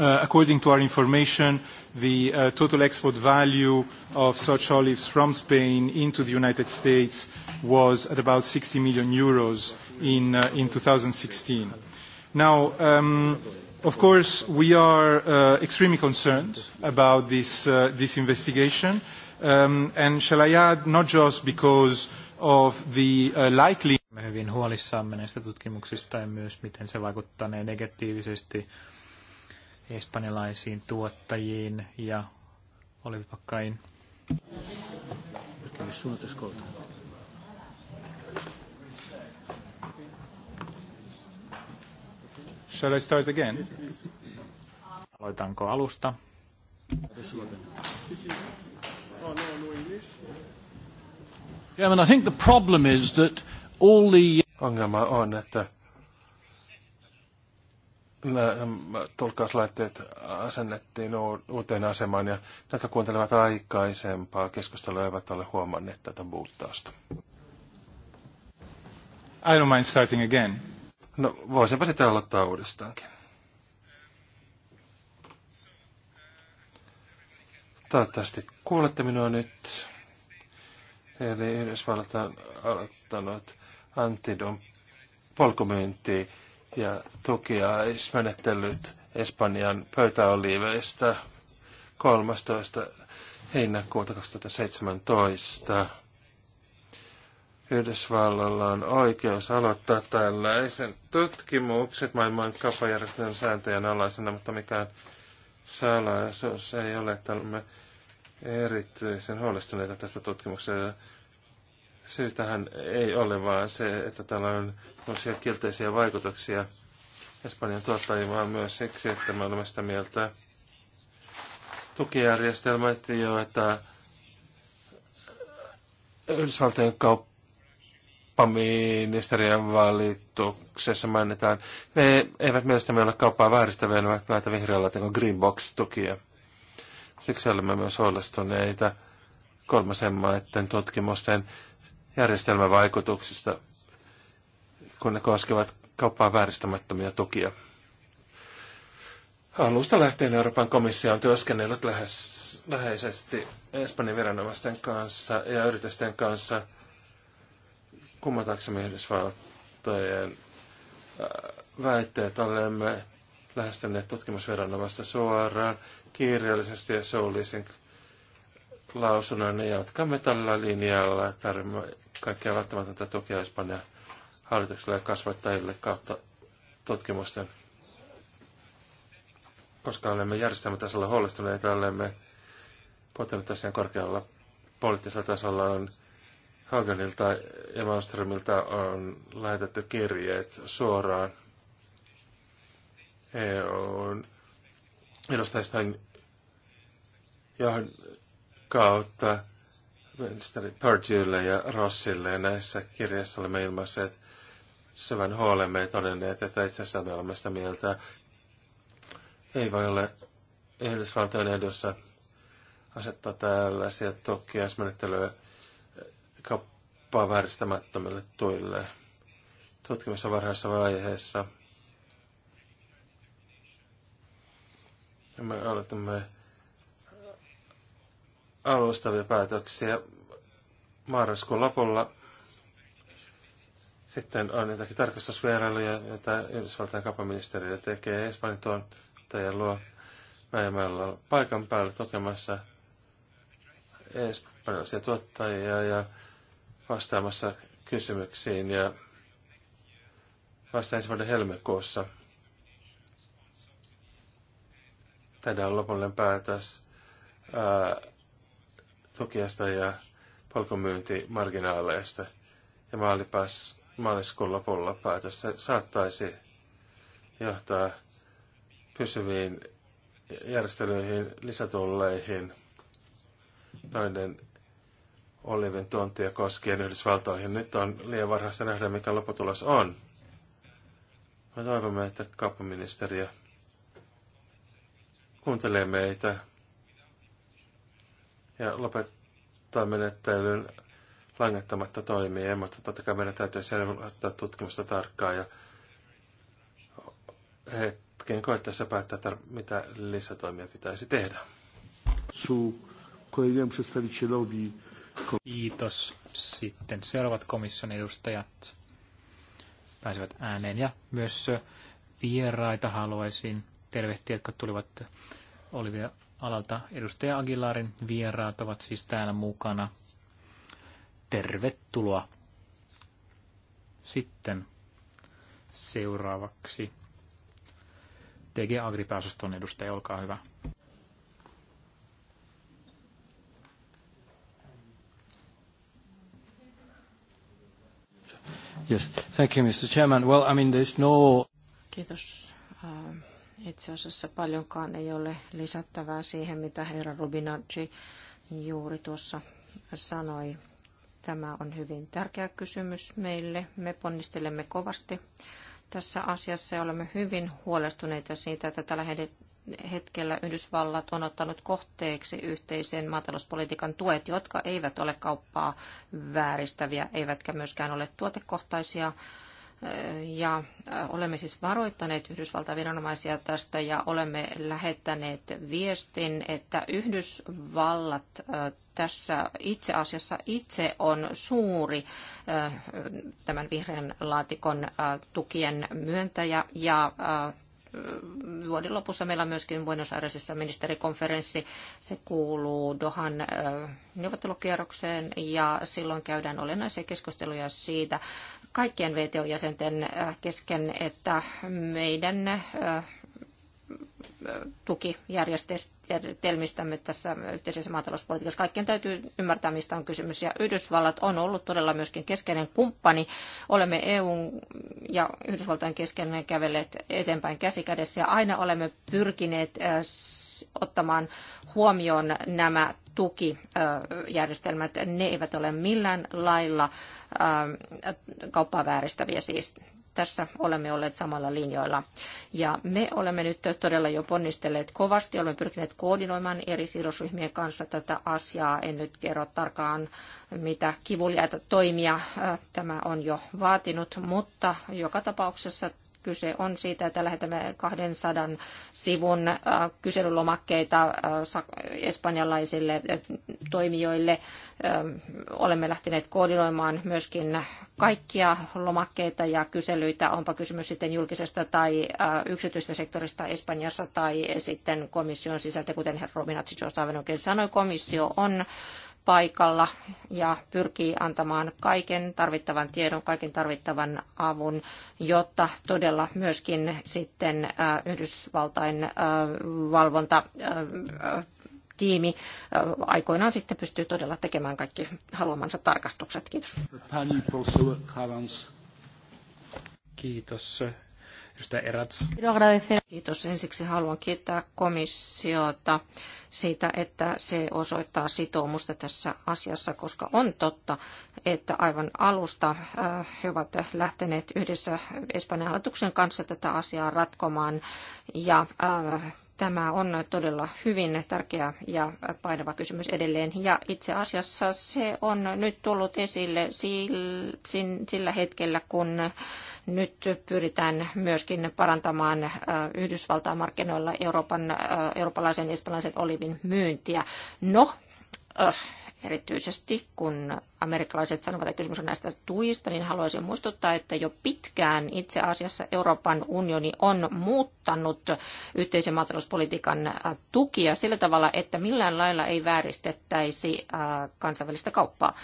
Uh, according to our information, the uh, total export value of such olives from Spain into the United States was at about 60 million euros in, uh, in 2016. Now, um, of course, we are uh, extremely concerned about this, uh, this investigation. Um, and shall I add, not just because of the likely... Me hyvin huolissamme näistä tutkimuksista ja myös miten se vaikuttaa negatiivisesti espanjalaisiin tuottajiin ja olivipakkain. Shall I start again? Aloitanko alusta? Yeah, I think the problem is that all the... Ongelma on, että nämä tulkkauslaitteet asennettiin uuteen asemaan ja ne, jotka kuuntelevat aikaisempaa keskustelua, eivät ole huomanneet tätä buuttausta. I don't mind starting again. No, voisinpa sitä aloittaa uudestaankin. Toivottavasti kuulette minua nyt. Eli Yhdysvallat on aloittanut antidon polkumyyntiä ja tukiaismenettelyt Espanjan pöytäoliiveista 13. heinäkuuta 2017. Yhdysvalloilla on oikeus aloittaa tällaisen tutkimukset maailman kauppajärjestelmän sääntöjen alaisena, mutta mikään salaisuus ei ole, että olemme erityisen huolestuneita tästä tutkimuksesta Syytähän ei ole vaan se, että täällä on kielteisiä vaikutuksia Espanjan tuottajiin, vaan myös siksi, että me olemme sitä mieltä jo, että Yhdysvaltojen kauppaministeriön valituksessa mainitaan, ne eivät mielestäni ole kauppaa vääristäviä, ne ovat näitä vihreällä teko Green Box-tukia. Siksi olemme myös huolestuneita kolmasen maiden tutkimusten järjestelmävaikutuksista, kun ne koskevat kauppaa vääristämättömiä tukia. Alusta lähtien Euroopan komissio on työskennellyt lähes, läheisesti Espanjan viranomaisten kanssa ja yritysten kanssa kummataksemme Yhdysvaltojen äh, väitteet. Olemme lähestyneet tutkimusviranomaista suoraan kirjallisesti ja suullisin lausunnon ja jatkamme tällä linjalla. Tarvitsemme kaikkea välttämätöntä tukea Espanjan hallitukselle ja kasvattajille kautta tutkimusten. Koska olemme järjestelmätasolla huolestuneita, olemme pohtineet asian korkealla poliittisella tasolla on Hagenilta ja Malmströmiltä on lähetetty kirjeet suoraan EUn edustajista johon kautta ministeri Purdylle ja Rossille. Ja näissä kirjassa olemme ilmaisseet syvän huolemme ja todenneet, että itse asiassa me olemme sitä mieltä. Ei voi olla Yhdysvaltojen edussa asettaa tällaisia tukkiaismenettelyä kauppaa vääristämättömille tuille tutkimassa varhaisessa vaiheessa. Ja me aloitamme alustavia päätöksiä marraskuun lopulla. Sitten on jotakin tarkastusvierailuja, joita Yhdysvaltain kapaministeriö tekee Espanjan tuottajan luo. Mäimällä on paikan päällä tukemassa espanjalaisia tuottajia ja vastaamassa kysymyksiin ja vasta ensi vuoden helmikuussa. Tämä on lopullinen päätös ää, tukiasta ja palkomyyntimarginaaleista. Ja maalipas, maaliskuun lopulla päätös saattaisi johtaa pysyviin järjestelyihin, lisätulleihin noiden Olivin tuontia koskien Yhdysvaltoihin. Nyt on liian varhaista nähdä, mikä lopputulos on. Me toivomme, että kauppaministeriö kuuntelee meitä ja lopettaa menettelyn langettamatta toimia, mutta totta kai meidän täytyy selvittää tutkimusta tarkkaan ja hetken koettaessa päättää, mitä lisätoimia pitäisi tehdä. Kiitos. Sitten seuraavat komission edustajat pääsevät ääneen ja myös vieraita haluaisin tervehtiä, jotka tulivat Olivia alalta. Edustaja Aguilarin vieraat ovat siis täällä mukana. Tervetuloa. Sitten seuraavaksi DG agri edustaja, olkaa hyvä. Yes, thank you, Mr. Chairman. Well, I mean, there's no... Kiitos äh, itse asiassa paljonkaan ei ole lisättävää siihen, mitä herra Rubinacci juuri tuossa sanoi. Tämä on hyvin tärkeä kysymys meille. Me ponnistelemme kovasti tässä asiassa ja olemme hyvin huolestuneita siitä, että tällä hetkellä Yhdysvallat on ottanut kohteeksi yhteisen maatalouspolitiikan tuet, jotka eivät ole kauppaa vääristäviä, eivätkä myöskään ole tuotekohtaisia ja olemme siis varoittaneet Yhdysvaltain viranomaisia tästä ja olemme lähettäneet viestin, että Yhdysvallat tässä itse asiassa itse on suuri tämän vihreän laatikon tukien myöntäjä ja vuoden lopussa meillä on myöskin Buenos Airesissa ministerikonferenssi. Se kuuluu Dohan neuvottelukierrokseen ja silloin käydään olennaisia keskusteluja siitä, kaikkien VTO-jäsenten äh, kesken, että meidän äh, tukijärjestelmistämme tässä yhteisessä maatalouspolitiikassa. Kaikkien täytyy ymmärtää, mistä on kysymys. Ja Yhdysvallat on ollut todella myöskin keskeinen kumppani. Olemme EU ja Yhdysvaltain kesken kävelleet eteenpäin käsikädessä ja aina olemme pyrkineet äh, Siis ottamaan huomioon nämä tukijärjestelmät. Ne eivät ole millään lailla ähm, kauppaa vääristäviä siis tässä olemme olleet samalla linjoilla. Ja me olemme nyt todella jo ponnistelleet kovasti, olemme pyrkineet koordinoimaan eri sidosryhmien kanssa tätä asiaa. En nyt kerro tarkkaan, mitä kivuliaita toimia äh, tämä on jo vaatinut, mutta joka tapauksessa Kyse on siitä, että lähetämme 200 sivun äh, kyselylomakkeita äh, espanjalaisille äh, toimijoille. Ähm, olemme lähteneet koordinoimaan myöskin kaikkia lomakkeita ja kyselyitä, onpa kysymys sitten julkisesta tai yksityisestä sektorista Espanjassa tai sitten komission sisältä, kuten herra Robinatsi Josavenonkin sanoi, komissio on paikalla ja pyrkii antamaan kaiken tarvittavan tiedon, kaiken tarvittavan avun, jotta todella myöskin sitten Yhdysvaltain valvonta tiimi aikoinaan sitten pystyy todella tekemään kaikki haluamansa tarkastukset. Kiitos. Kiitos. Kiitos. Ensiksi haluan kiittää komissiota siitä, että se osoittaa sitoumusta tässä asiassa, koska on totta, että aivan alusta äh, he ovat lähteneet yhdessä Espanjan hallituksen kanssa tätä asiaa ratkomaan ja äh, Tämä on todella hyvin tärkeä ja painava kysymys edelleen. Ja itse asiassa se on nyt tullut esille sillä hetkellä, kun nyt pyritään myöskin parantamaan äh, Yhdysvaltain markkinoilla Euroopan, eurooppalaisen ja espanjalaisen direktiivin myyntiä. No, Öh, erityisesti kun amerikkalaiset sanovat, että kysymys on näistä tuista, niin haluaisin muistuttaa, että jo pitkään itse asiassa Euroopan unioni on muuttanut yhteisen maatalouspolitiikan äh, tukia sillä tavalla, että millään lailla ei vääristettäisi äh, kansainvälistä kauppaa.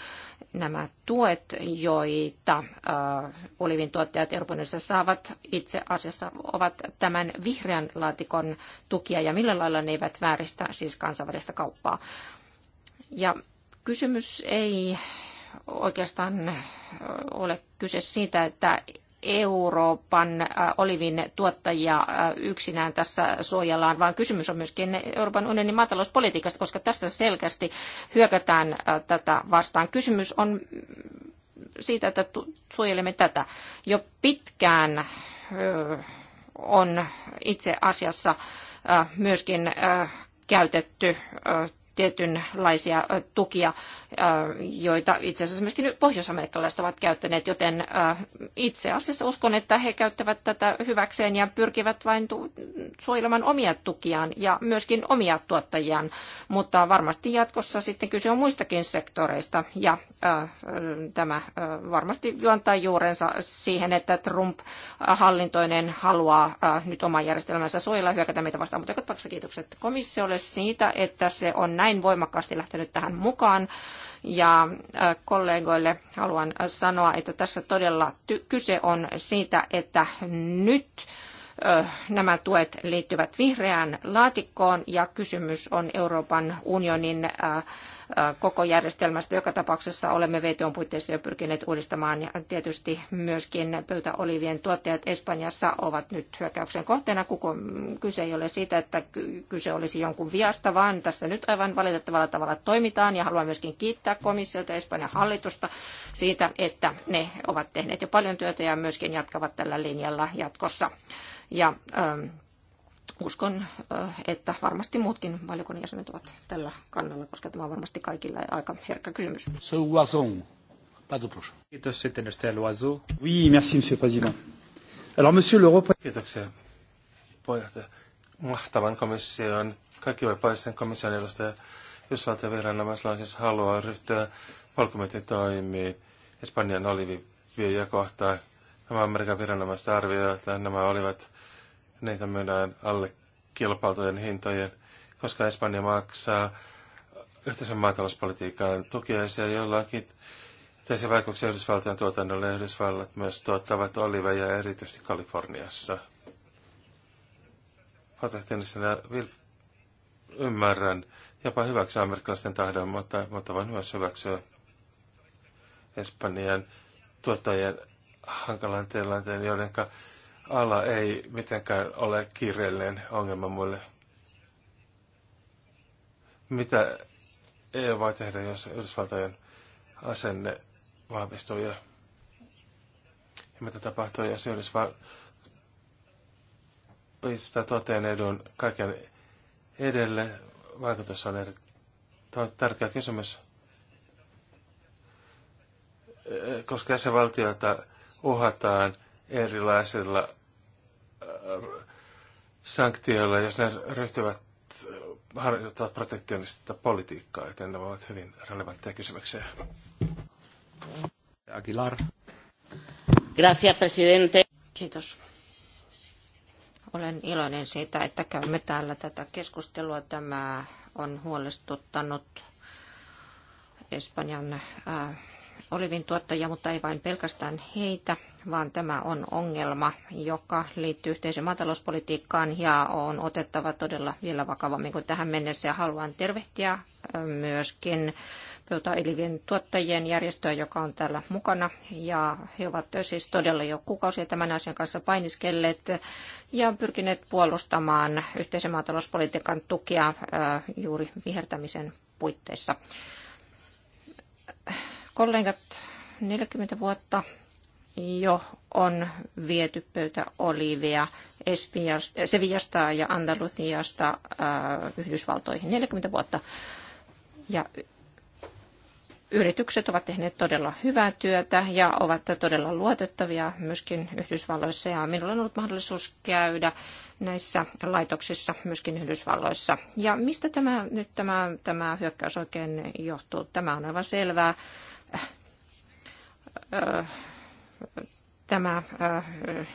Nämä tuet, joita äh, olivin tuottajat Euroopan unionissa saavat, itse asiassa ovat tämän vihreän laatikon tukia ja millään lailla ne eivät vääristä siis kansainvälistä kauppaa. Ja kysymys ei oikeastaan ole kyse siitä, että Euroopan äh, olivin tuottajia äh, yksinään tässä suojellaan, vaan kysymys on myöskin Euroopan unionin maatalouspolitiikasta, koska tässä selkeästi hyökätään äh, tätä vastaan. Kysymys on siitä, että suojelemme tätä. Jo pitkään on itse asiassa myöskin käytetty tietynlaisia tukia, joita itse asiassa myöskin pohjoisamerikkalaiset ovat käyttäneet, joten itse asiassa uskon, että he käyttävät tätä hyväkseen ja pyrkivät vain suojelemaan omia tukiaan ja myöskin omia tuottajiaan, mutta varmasti jatkossa sitten kyse on muistakin sektoreista ja tämä varmasti juontaa juurensa siihen, että Trump hallintoinen haluaa nyt oman järjestelmänsä suojella hyökätä meitä vastaan, mutta kiitokset komissiolle siitä, että se on näin näin voimakkaasti lähtenyt tähän mukaan. Ja kollegoille haluan sanoa, että tässä todella kyse on siitä, että nyt nämä tuet liittyvät vihreään laatikkoon ja kysymys on Euroopan unionin koko järjestelmästä. Joka tapauksessa olemme VTOn puitteissa jo pyrkineet uudistamaan ja tietysti myöskin pöytäolivien tuottajat Espanjassa ovat nyt hyökkäyksen kohteena. Kuko, kyse ei ole siitä, että kyse olisi jonkun viasta, vaan tässä nyt aivan valitettavalla tavalla toimitaan ja haluan myöskin kiittää komissiota ja Espanjan hallitusta siitä, että ne ovat tehneet jo paljon työtä ja myöskin jatkavat tällä linjalla jatkossa. Ja, ähm, uskon, äh, että varmasti muutkin valiokunnan jäsenet ovat tällä kannalla, koska tämä on varmasti kaikilla aika herkkä kysymys. Kiitos sitten edustaja Loiseau. Oui, merci monsieur président. Alors monsieur l'Europe... Kiitoksia puheenjohtaja. Mahtavan komission, kaikki vapaaisten komission edustaja Yhdysvaltain viranomaisilla siis haluaa ryhtyä polkumetin toimii Espanjan oliviviejä kohtaan. Nämä Amerikan viranomaiset arvioivat, että nämä olivat neitä myydään alle kilpailtujen hintojen, koska Espanja maksaa yhteisen maatalouspolitiikan tukiaisia jollakin Teisiä vaikutuksia Yhdysvaltojen tuotannolle Yhdysvallat myös tuottavat oliveja erityisesti Kaliforniassa. Protektionistina ymmärrän jopa hyväksyä amerikkalaisten tahdon, mutta, mutta voin myös hyväksyä Espanjan tuottajien hankalan tilanteen, joiden ala ei mitenkään ole kiireellinen ongelma mulle. Mitä EU voi tehdä, jos Yhdysvaltojen asenne vahvistuu ja, ja mitä tapahtuu, jos Yhdysvaltojen toteen edun kaiken edelle. Vaikutus on eri, on tärkeä kysymys, e, koska jäsenvaltioita uhataan – erilaisilla äh, sanktioilla, jos ne ryhtyvät äh, harjoittaa protektionista politiikkaa, joten ne ovat hyvin relevantteja kysymyksiä. Aguilar. Gracias, presidente. Kiitos. Olen iloinen siitä, että käymme täällä tätä keskustelua. Tämä on huolestuttanut Espanjan äh, olivin tuottajia, mutta ei vain pelkästään heitä, vaan tämä on ongelma, joka liittyy yhteiseen maatalouspolitiikkaan ja on otettava todella vielä vakavammin kuin tähän mennessä. Ja haluan tervehtiä myöskin pöytäilivien tuottajien järjestöä, joka on täällä mukana. Ja he ovat siis todella jo kuukausia tämän asian kanssa painiskelleet ja pyrkineet puolustamaan yhteisen maatalouspolitiikan tukea juuri vihertämisen puitteissa Kollegat, 40 vuotta jo on viety pöytä Olivia Sevillasta ja Andalusiasta äh, Yhdysvaltoihin 40 vuotta. Ja yritykset ovat tehneet todella hyvää työtä ja ovat todella luotettavia myöskin Yhdysvalloissa. Ja minulla on ollut mahdollisuus käydä näissä laitoksissa myöskin Yhdysvalloissa. Ja mistä tämä, nyt tämä, tämä hyökkäys oikein johtuu? Tämä on aivan selvää tämä äh,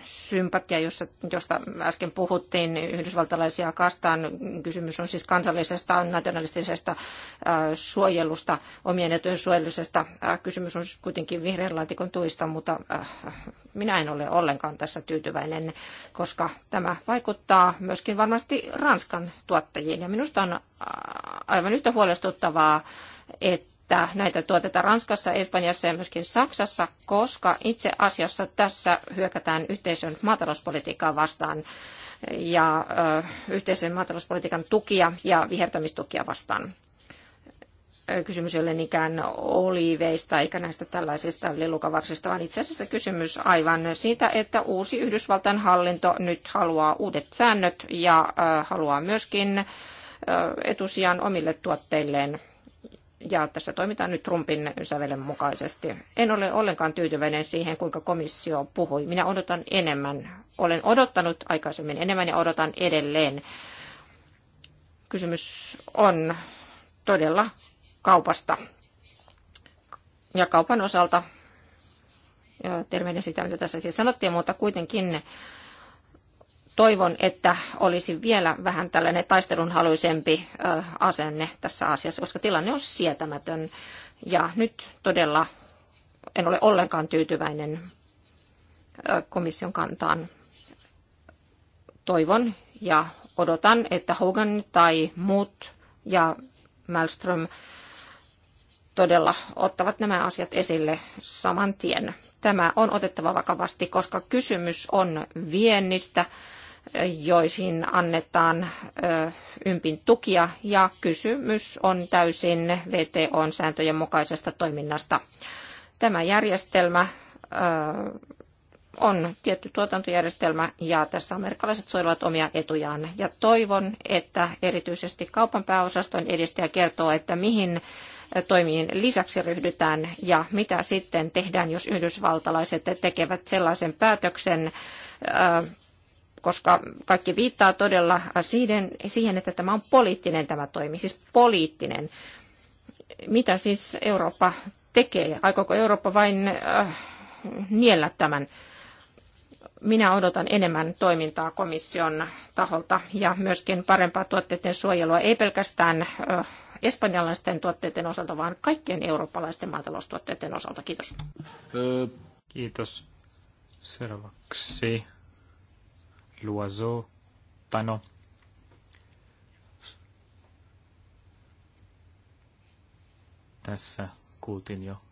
sympatia, jossa, josta äsken puhuttiin niin yhdysvaltalaisia kastaan, kysymys on siis kansallisesta nationalistisesta äh, suojelusta, omien etujen suojelusesta. Äh, kysymys on siis kuitenkin vihreän laatikon tuista, mutta minä en ole ollenkaan tässä tyytyväinen, koska tämä vaikuttaa myöskin varmasti Ranskan tuottajiin. Ja minusta on aivan yhtä huolestuttavaa, että että näitä tuotetaan Ranskassa, Espanjassa ja myöskin Saksassa, koska itse asiassa tässä hyökätään yhteisön maatalouspolitiikkaa vastaan ja ö, yhteisen maatalouspolitiikan tukia ja vihertämistukia vastaan. Kysymys ei ole niinkään oliiveista eikä näistä tällaisista lilukavarsista, vaan itse asiassa kysymys aivan siitä, että uusi Yhdysvaltain hallinto nyt haluaa uudet säännöt ja ö, haluaa myöskin ö, etusijan omille tuotteilleen ja tässä toimitaan nyt Trumpin sävelen mukaisesti. En ole ollenkaan tyytyväinen siihen, kuinka komissio puhui. Minä odotan enemmän. Olen odottanut aikaisemmin enemmän ja odotan edelleen. Kysymys on todella kaupasta. Ja kaupan osalta tervehdin sitä, mitä tässäkin sanottiin, mutta kuitenkin toivon, että olisi vielä vähän tällainen taistelunhaluisempi asenne tässä asiassa, koska tilanne on sietämätön. Ja nyt todella en ole ollenkaan tyytyväinen komission kantaan. Toivon ja odotan, että Hogan tai muut ja Malmström todella ottavat nämä asiat esille saman tien. Tämä on otettava vakavasti, koska kysymys on viennistä joihin annetaan ympin tukia ja kysymys on täysin VTOn sääntöjen mukaisesta toiminnasta. Tämä järjestelmä on tietty tuotantojärjestelmä ja tässä amerikkalaiset suojelevat omia etujaan. Ja toivon, että erityisesti kaupan pääosaston edistäjä kertoo, että mihin toimiin lisäksi ryhdytään ja mitä sitten tehdään, jos yhdysvaltalaiset tekevät sellaisen päätöksen koska kaikki viittaa todella siihen, siihen, että tämä on poliittinen tämä toimi, siis poliittinen. Mitä siis Eurooppa tekee? Aikooko Eurooppa vain äh, niellä tämän? Minä odotan enemmän toimintaa komission taholta ja myöskin parempaa tuotteiden suojelua, ei pelkästään äh, espanjalaisten tuotteiden osalta, vaan kaikkien eurooppalaisten maataloustuotteiden osalta. Kiitos. Kiitos. Seuraavaksi l'oiseau, enfin non. Tässä kuultiin jo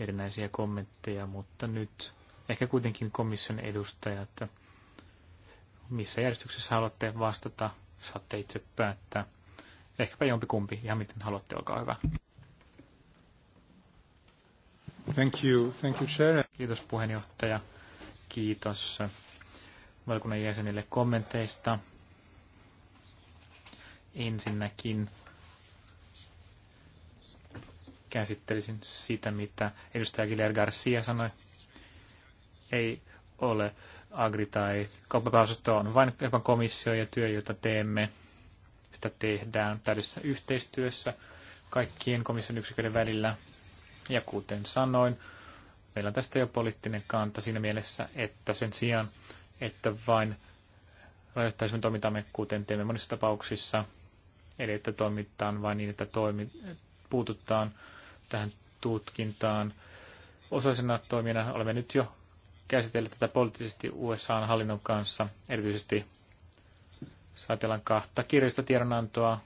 erinäisiä kommentteja, mutta nyt ehkä kuitenkin komission edustaja, että missä järjestyksessä haluatte vastata, saatte itse päättää. Ehkäpä jompikumpi, ihan miten haluatte, olkaa hyvä. Thank you. Thank you, Chair. Kiitos puheenjohtaja. Kiitos valkunnan jäsenille kommenteista. Ensinnäkin käsittelisin sitä, mitä edustaja Giler Garcia sanoi. Ei ole agri- tai kauppapääosasto on vain komissio ja työ, jota teemme. Sitä tehdään täydessä yhteistyössä kaikkien komission yksiköiden välillä. Ja kuten sanoin, meillä on tästä jo poliittinen kanta siinä mielessä, että sen sijaan, että vain rajoittaisimme toimintamme, kuten teemme monissa tapauksissa, eli että toimitaan vain niin, että toimi, puututaan tähän tutkintaan. Osaisena toimijana olemme nyt jo käsitelleet tätä poliittisesti USAn hallinnon kanssa, erityisesti saatellaan kahta kirjallista tiedonantoa,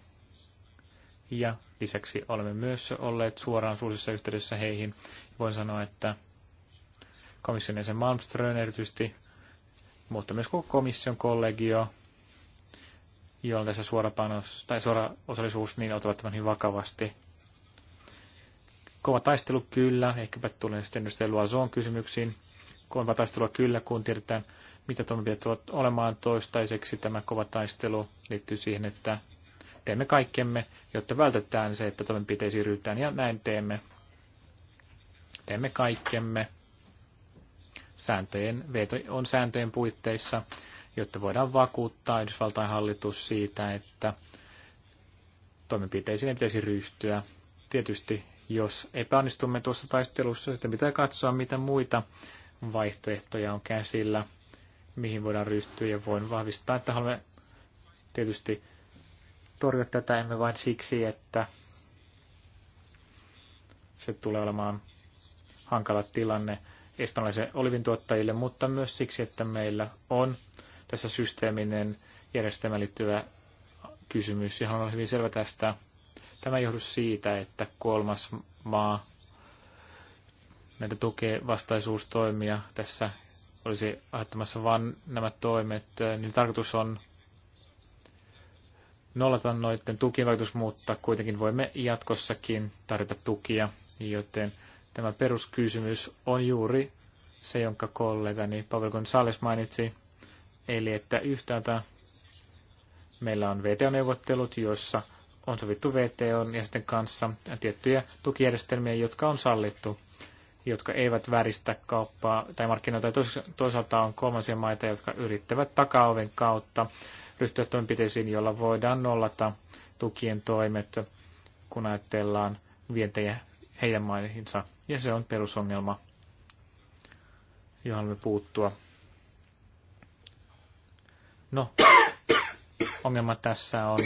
ja lisäksi olemme myös olleet suoraan suullisessa yhteydessä heihin. Voin sanoa, että komission jäsen Malmström erityisesti mutta myös koko komission kollegio, jolla tässä suorapanos tai suora osallisuus, niin ottavat tämän hyvin vakavasti. Kova taistelu kyllä, ehkäpä tulen sitten edustaja Luazon kysymyksiin. Kova taistelu kyllä, kun tiedetään, mitä toimenpiteet ovat olemaan toistaiseksi. Tämä kova taistelu liittyy siihen, että teemme kaikkemme, jotta vältetään se, että toimenpiteisiin ryhdytään, ja näin teemme. Teemme kaikkemme sääntöjen, veto on sääntöjen puitteissa, jotta voidaan vakuuttaa Yhdysvaltain hallitus siitä, että toimenpiteisiin ei pitäisi ryhtyä. Tietysti jos epäonnistumme tuossa taistelussa, sitten pitää katsoa, mitä muita vaihtoehtoja on käsillä, mihin voidaan ryhtyä ja voin vahvistaa, että haluamme tietysti torjua tätä emme vain siksi, että se tulee olemaan hankala tilanne espanjalaisille tuottajille, mutta myös siksi, että meillä on tässä systeeminen järjestelmä liittyvä kysymys, ja on hyvin selvä tästä. Tämä johdus siitä, että kolmas maa näitä tukee vastaisuustoimia tässä olisi aiheuttamassa vain nämä toimet, niin tarkoitus on nollata noiden tukien vaikutus, mutta kuitenkin voimme jatkossakin tarjota tukia, joten Tämä peruskysymys on juuri se, jonka kollegani Pavel Gonzales mainitsi, eli että yhtäältä meillä on VTO-neuvottelut, joissa on sovittu VTO ja sitten kanssa tiettyjä tukijärjestelmiä, jotka on sallittu, jotka eivät väristä kauppaa tai markkinoita. Toisaalta on kolmansia maita, jotka yrittävät takaoven kautta ryhtyä toimenpiteisiin, joilla voidaan nollata tukien toimet, kun ajatellaan vientejä heidän maihinsa, ja se on perusongelma, johon me puuttua. No, ongelma tässä on,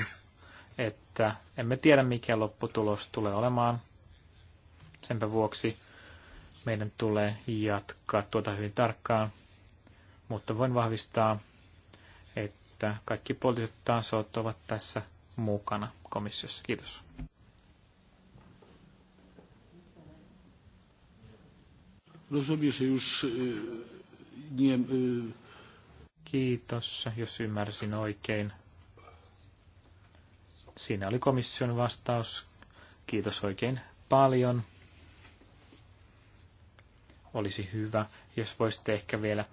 että emme tiedä mikä lopputulos tulee olemaan. Senpä vuoksi meidän tulee jatkaa tuota hyvin tarkkaan, mutta voin vahvistaa, että kaikki poliittiset tasot ovat tässä mukana komissiossa. Kiitos. Rozumiem, że już nie... Kiitos, jos ymmärsin oikein. Siinä oli komission vastaus. Kiitos oikein paljon. Olisi hyvä, jos voisitte ehkä vielä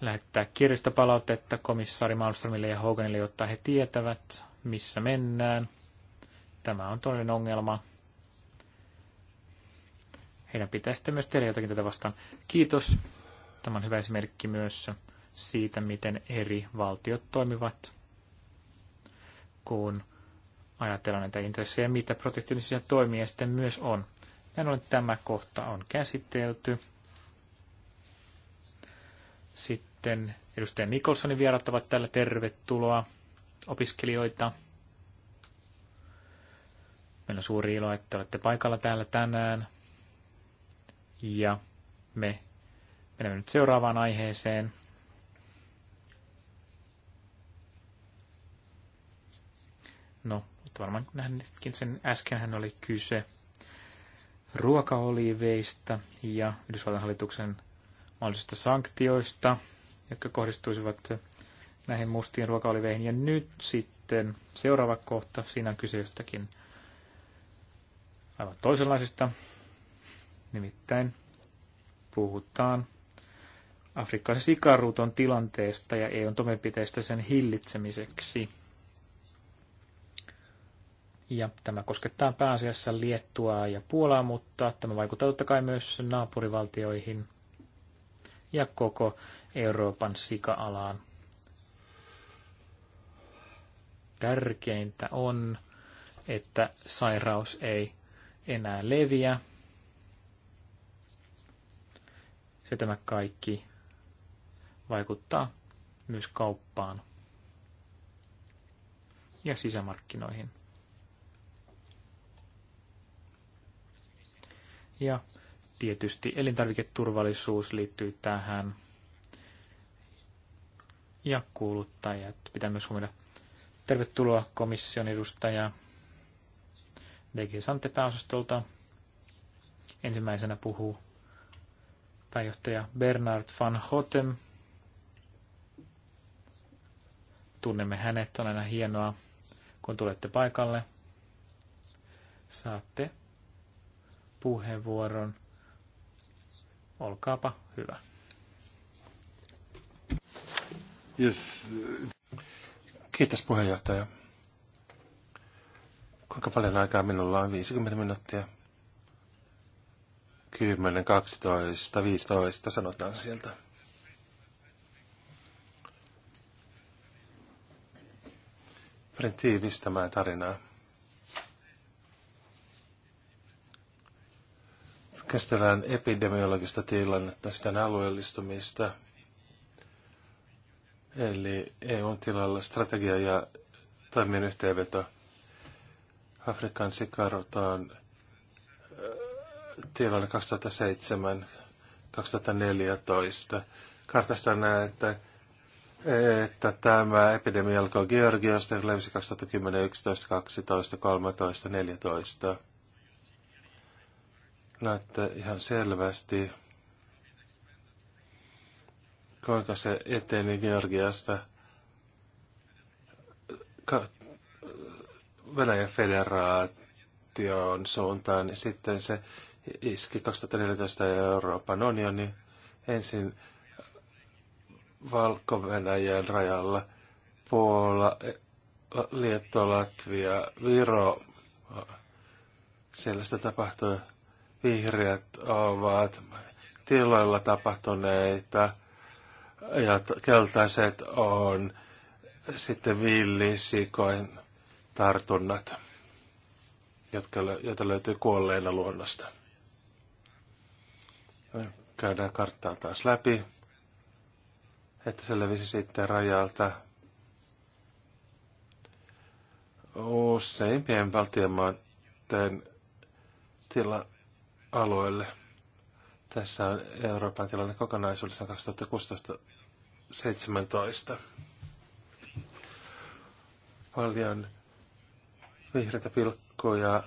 lähettää kirjasta palautetta komissaari Malmströmille ja Hoganille, jotta he tietävät, missä mennään. Tämä on toinen ongelma heidän pitää sitten myös tehdä jotakin tätä vastaan. Kiitos. Tämä on hyvä esimerkki myös siitä, miten eri valtiot toimivat, kun ajatellaan näitä intressejä, mitä protektionistisia toimia sitten myös on. Näin ollen tämä kohta on käsitelty. Sitten edustaja Nikolsonin vierat ovat täällä tervetuloa opiskelijoita. Meillä on suuri ilo, että olette paikalla täällä tänään. Ja me menemme nyt seuraavaan aiheeseen. No, olette varmaan nähneetkin sen äsken, hän oli kyse ruokaoliiveista ja Yhdysvaltain hallituksen mahdollisista sanktioista, jotka kohdistuisivat näihin mustiin ruokaoliveihin. Ja nyt sitten seuraava kohta, siinä on kyse jostakin aivan toisenlaisesta Nimittäin puhutaan Afrikkalaisen sikaruuton tilanteesta ja EUn toimenpiteistä sen hillitsemiseksi. Ja tämä koskettaa pääasiassa Liettuaa ja Puolaa, mutta tämä vaikuttaa totta kai myös naapurivaltioihin ja koko Euroopan sika-alaan. Tärkeintä on, että sairaus ei enää leviä Ja tämä kaikki vaikuttaa myös kauppaan ja sisämarkkinoihin. Ja tietysti elintarviketurvallisuus liittyy tähän. Ja kuluttajat pitää myös huomioida. Tervetuloa komission edustaja DG Sante pääosastolta. Ensimmäisenä puhuu pääjohtaja Bernard van Hotem. Tunnemme hänet, on aina hienoa, kun tulette paikalle. Saatte puheenvuoron. Olkaapa hyvä. Yes. Kiitos puheenjohtaja. Kuinka paljon aikaa minulla on? 50 minuuttia. 10, 12, 15, sanotaan sieltä. Pyrin tiivistämään tarinaa. Käsitellään epidemiologista tilannetta, sitä alueellistumista, eli EUn tilalla strategia ja toimien yhteenveto. Afrikan sikarutaan tilanne 2007 2014. Kartasta näe, että, että tämä epidemia alkoi Georgiasta ja levisi 2010, 11, 12, 13, 14. Näette ihan selvästi, kuinka se eteni Georgiasta Venäjän federaation suuntaan, niin sitten se iski 2014 Euroopan unioni ensin valko rajalla Puola, Liettua, Latvia, Viro. Siellä sitä tapahtui. Vihreät ovat tiloilla tapahtuneita ja keltaiset on sitten villisikoin tartunnat, jotka, joita löytyy kuolleena luonnosta. Käydään karttaa taas läpi, että se levisi sitten rajalta useimpien valtionmaiden tila-alueelle. Tässä on Euroopan tilanne kokonaisuudessaan 2016-2017. Paljon vihreitä pilkkuja,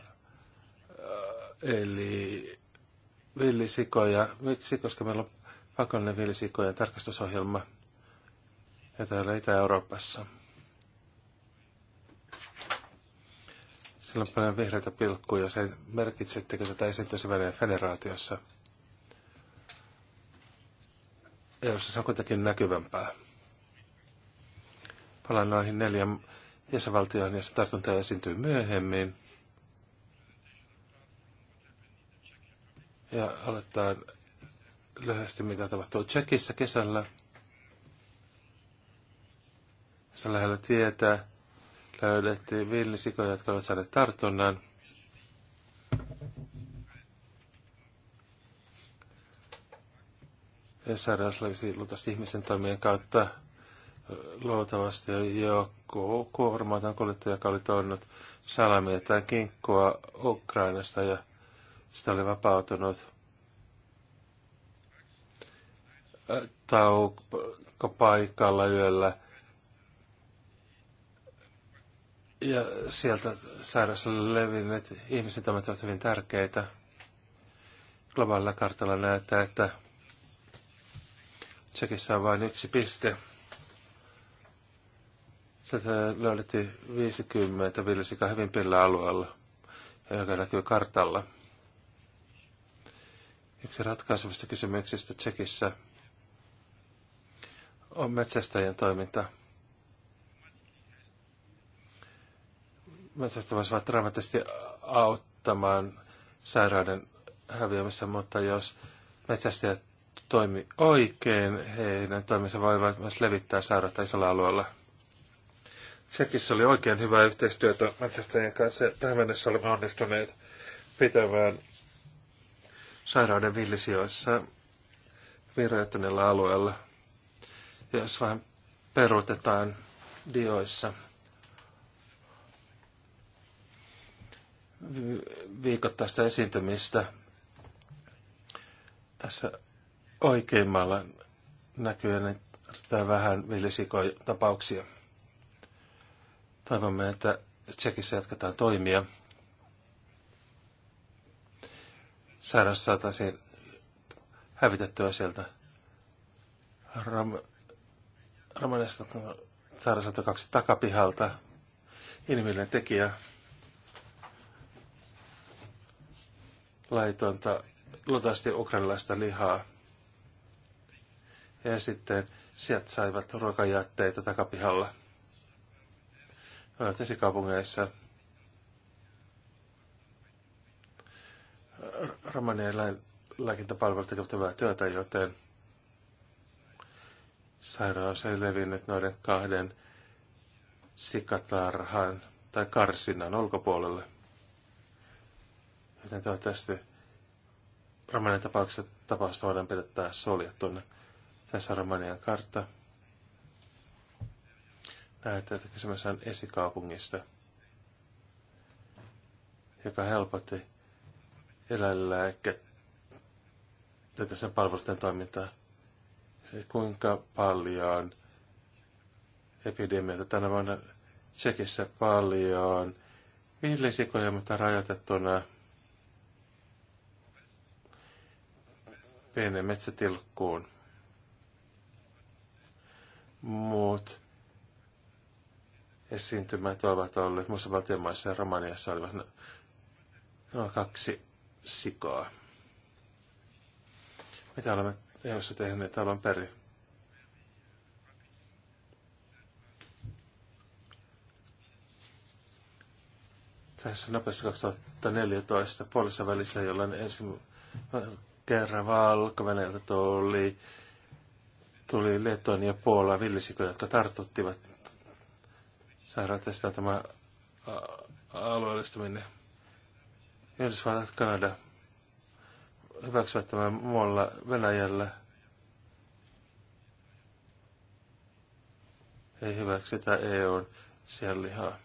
eli villisikoja. Miksi? Koska meillä on pakollinen villisikojen tarkastusohjelma ja täällä Itä-Euroopassa. Sillä on paljon vihreitä pilkkuja. Se merkitsettekö tätä esiintyisiväliä federaatiossa? Jos e se on kuitenkin näkyvämpää. Palaan noihin neljän jäsenvaltioon, se tartunta esiintyy myöhemmin. Ja aletaan lyhyesti, mitä tapahtuu Tsekissä kesällä. Sen lähellä tietää löydettiin villisikoja, jotka ovat saaneet tartunnan. Ja sairaus levisi luultavasti ihmisen toimien kautta luultavasti joku kuormaton kuljettaja, joka oli tuonut salamia tai kinkkua Ukrainasta ja sitä oli vapautunut paikalla yöllä. Ja sieltä sairaus oli levinnyt. Ihmisen toimet ovat hyvin tärkeitä. Globaalilla kartalla näyttää, että Tsekissä on vain yksi piste. Sieltä löydettiin 50 villisikaa hyvin pillä alueella, joka näkyy kartalla. Yksi ratkaisevista kysymyksistä Tsekissä on metsästäjien toiminta. Metsästäjät voisivat dramaattisesti auttamaan sairauden häviämisessä, mutta jos metsästäjät toimi oikein, heidän toiminsa voivat myös levittää sairautta isolla alueella. Tsekissä oli oikein hyvää yhteistyötä metsästäjien kanssa ja tähän mennessä olemme onnistuneet pitämään sairauden villisijoissa vireytyneellä alueella. Jos vähän peruutetaan dioissa viikoittaista esiintymistä, tässä oikeimmalla näkyy että vähän tapauksia. Toivomme, että Tsekissä jatketaan toimia sairaus saataisiin hävitettyä sieltä. Ram, Ramanesta sairaus kaksi takapihalta. Inhimillinen tekijä. Laitonta, luultavasti ukrainalaista lihaa. Ja sitten sieltä saivat ruokajätteitä takapihalla. Olet olivat esikaupungeissa. romanien lääkintäpalvelut tekevät hyvää työtä, joten sairaus ei levinnyt noiden kahden sikatarhan tai karsinnan ulkopuolelle. Joten toivottavasti romanien tapaukset tapausta voidaan pidettää soljettuna. Tässä on romanian kartta. Näette, että kysymys on esikaupungista, joka helpotti tätä sen palvelusten toimintaa. Se, kuinka paljon epidemioita tänä vuonna Tsekissä paljon villisikoja, mutta rajoitettuna pienen metsätilkkuun. Muut esiintymät ovat olleet muissa valtionmaissa ja Romaniassa olivat no, kaksi sikaa. Mitä olemme EU-ssa tehneet on perin? Tässä nopeasti 2014 puolessa välissä, jolloin ensin kerran valko tuli, tuli Leton ja Puola villisikoja, jotka tartuttivat sairaan tämä alueellistuminen. Yhdysvallat, Kanada hyväksyvät tämän muualla Venäjällä. Ei hyväksytä EUn sianlihaa.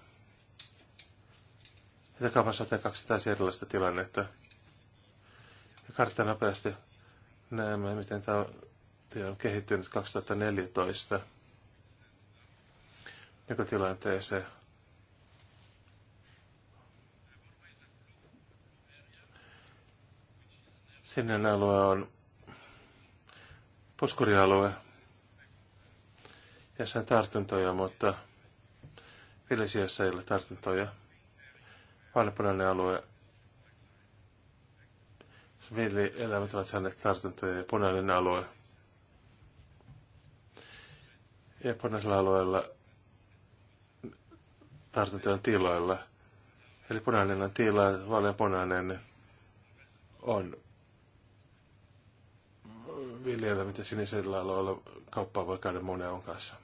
Jätäkääpä sote kaksi täysin erilaista tilannetta. Ja kartta nopeasti näemme, miten tämä on kehittynyt 2014 nykytilanteeseen. Sininen alue on puskurialue, ja on tartuntoja, mutta Vilisiassa ei ole tartuntoja. Vaalipunainen alue, villieläimet ovat saaneet tartuntoja ja punainen alue. Ja punaisella alueella tartuntoja on tiloilla. Eli punainen on tila, vaaleanpunainen on viljellä, mitä sinisellä aloilla kauppaa voi käydä monen kanssa.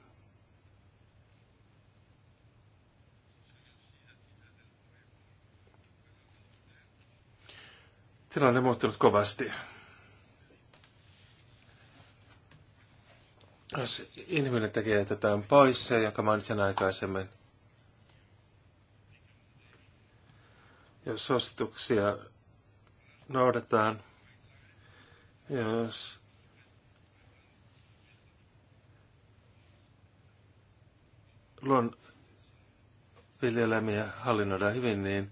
Tilanne on muuttunut kovasti. Jos ihminen tekee tätä pois, se, jonka mainitsin aikaisemmin, jos suosituksia noudatetaan, jos luonviljelämiä hallinnoidaan hyvin, niin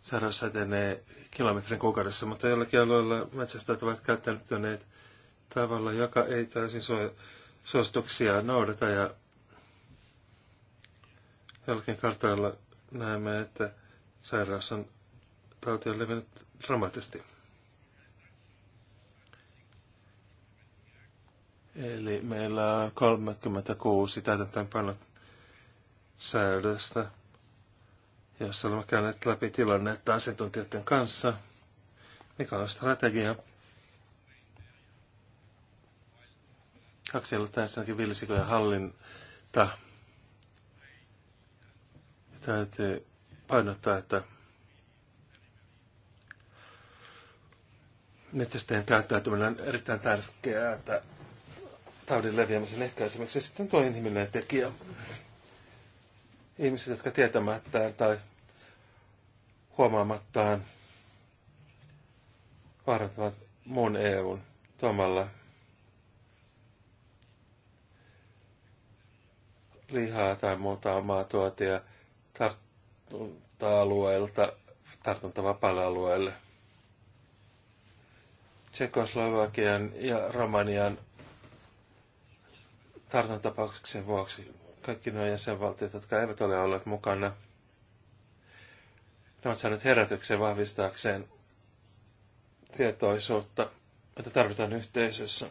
sairaus etenee kilometrin kuukaudessa, mutta jollakin alueella metsästäjät ovat käyttäneet tavalla, joka ei täysin suosituksia noudata ja jollakin kartoilla näemme, että sairaus on tauti on levinnyt dramaattisesti. Eli meillä on 36 täytäntöönpanot säädöstä, jossa olemme käyneet läpi tilannetta asiantuntijoiden kanssa, mikä on strategia. Kaksi aloittaa ensinnäkin villisikojen hallinta. Täytyy painottaa, että metsästäjän käyttäytyminen on erittäin tärkeää, että taudin leviämisen ehkäisemiseksi sitten tuo inhimillinen tekijä ihmiset, jotka tietämättään tai huomaamattaan vaarantavat mun EUn tuomalla lihaa tai muuta omaa tuotia tartunta-alueelta tartuntavapaalle alueelle. Tsekoslovakian ja Romanian tartuntatapauksen vuoksi kaikki nuo jäsenvaltiot, jotka eivät ole olleet mukana, ne ovat saaneet herätyksen vahvistaakseen tietoisuutta, jota tarvitaan yhteisössä.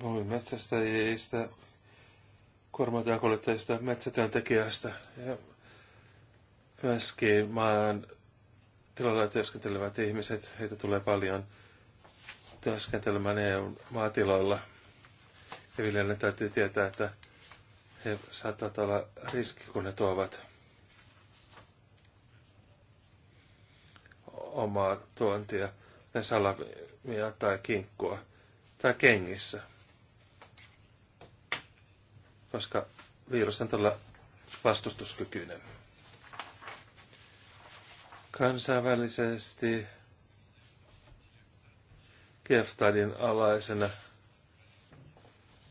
Puhuin metsästäjistä, kuormatyökuljettajista, metsätyöntekijöistä ja myöskin maan tilalla työskentelevät ihmiset, heitä tulee paljon – työskentelemään EU-maatiloilla. Ja Viljana täytyy tietää, että he saattavat olla riski, kun ne tuovat omaa tuontia, ne salamia tai kinkkua tai kengissä. Koska virus on todella vastustuskykyinen. Kansainvälisesti Kiefstadin alaisena,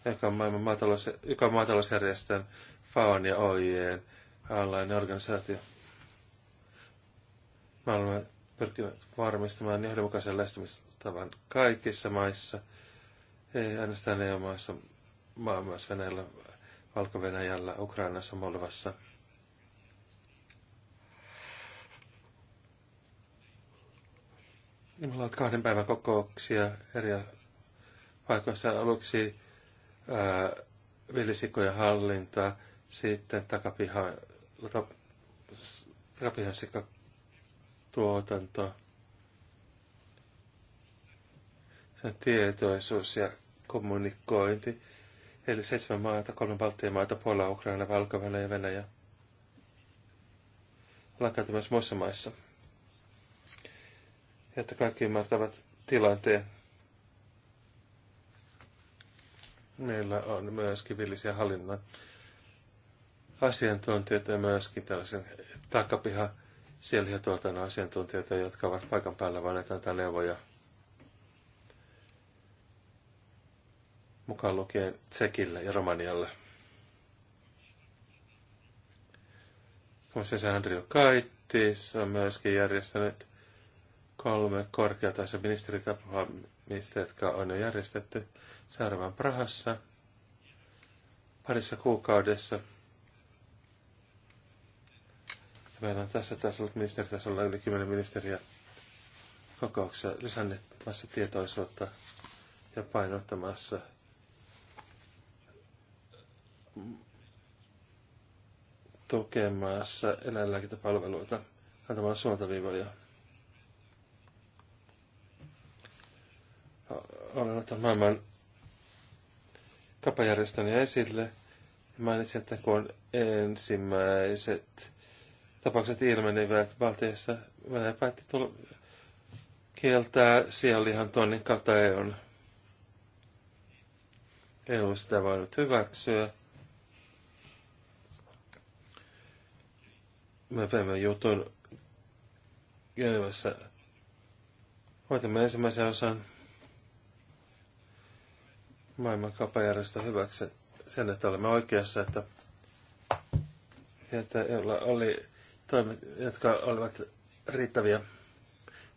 joka maailman maatalous, joka maatalousjärjestön FAON ja OIEn alainen organisaatio. Me olemme pyrkineet varmistamaan johdonmukaisen lähestymistavan kaikissa maissa, ei ainoastaan eu maissa maa myös Venäjällä, Valko-Venäjällä, Ukrainassa, Moldovassa – Me ollaan kahden päivän kokouksia eri paikoissa. Aluksi ää, villisikojen hallinta, sitten takapiha, takapihan tuotanto sen tietoisuus ja kommunikointi. Eli seitsemän maata, kolme Baltian maata, Puola, Ukraina, valko ja Venäjä. Ollaan käyty myös muissa maissa että kaikki ymmärtävät tilanteen. Meillä on myöskin villisiä hallinnan asiantuntijoita ja myöskin tällaisen takapiha siellä tuotannon asiantuntijoita, jotka ovat paikan päällä vaan näitä neuvoja. Mukaan lukien Tsekille ja Romanialle. Komissio Andrew Kaittis on myöskin järjestänyt kolme korkeataisen ministeritapaamista, jotka on jo järjestetty seuraavan Prahassa parissa kuukaudessa. Meillä on tässä tasolla ministeritasolla yli 10 ministeriä kokouksessa lisännettämässä tietoisuutta ja painottamassa tukemassa eläinlääkintäpalveluita antamaan suuntaviivoja. olen ottanut maailman kapajärjestön esille. Ja mainitsin, että kun ensimmäiset tapaukset ilmenivät Baltiassa, Venäjä päätti tulla kieltää sianlihan tonnin kautta EUn. EU sitä voinut hyväksyä. Me veimme jutun Genevassa. Hoitamme ensimmäisen osan maailman hyväksi sen, että olemme oikeassa, että, että joilla oli toimet, jotka olivat riittäviä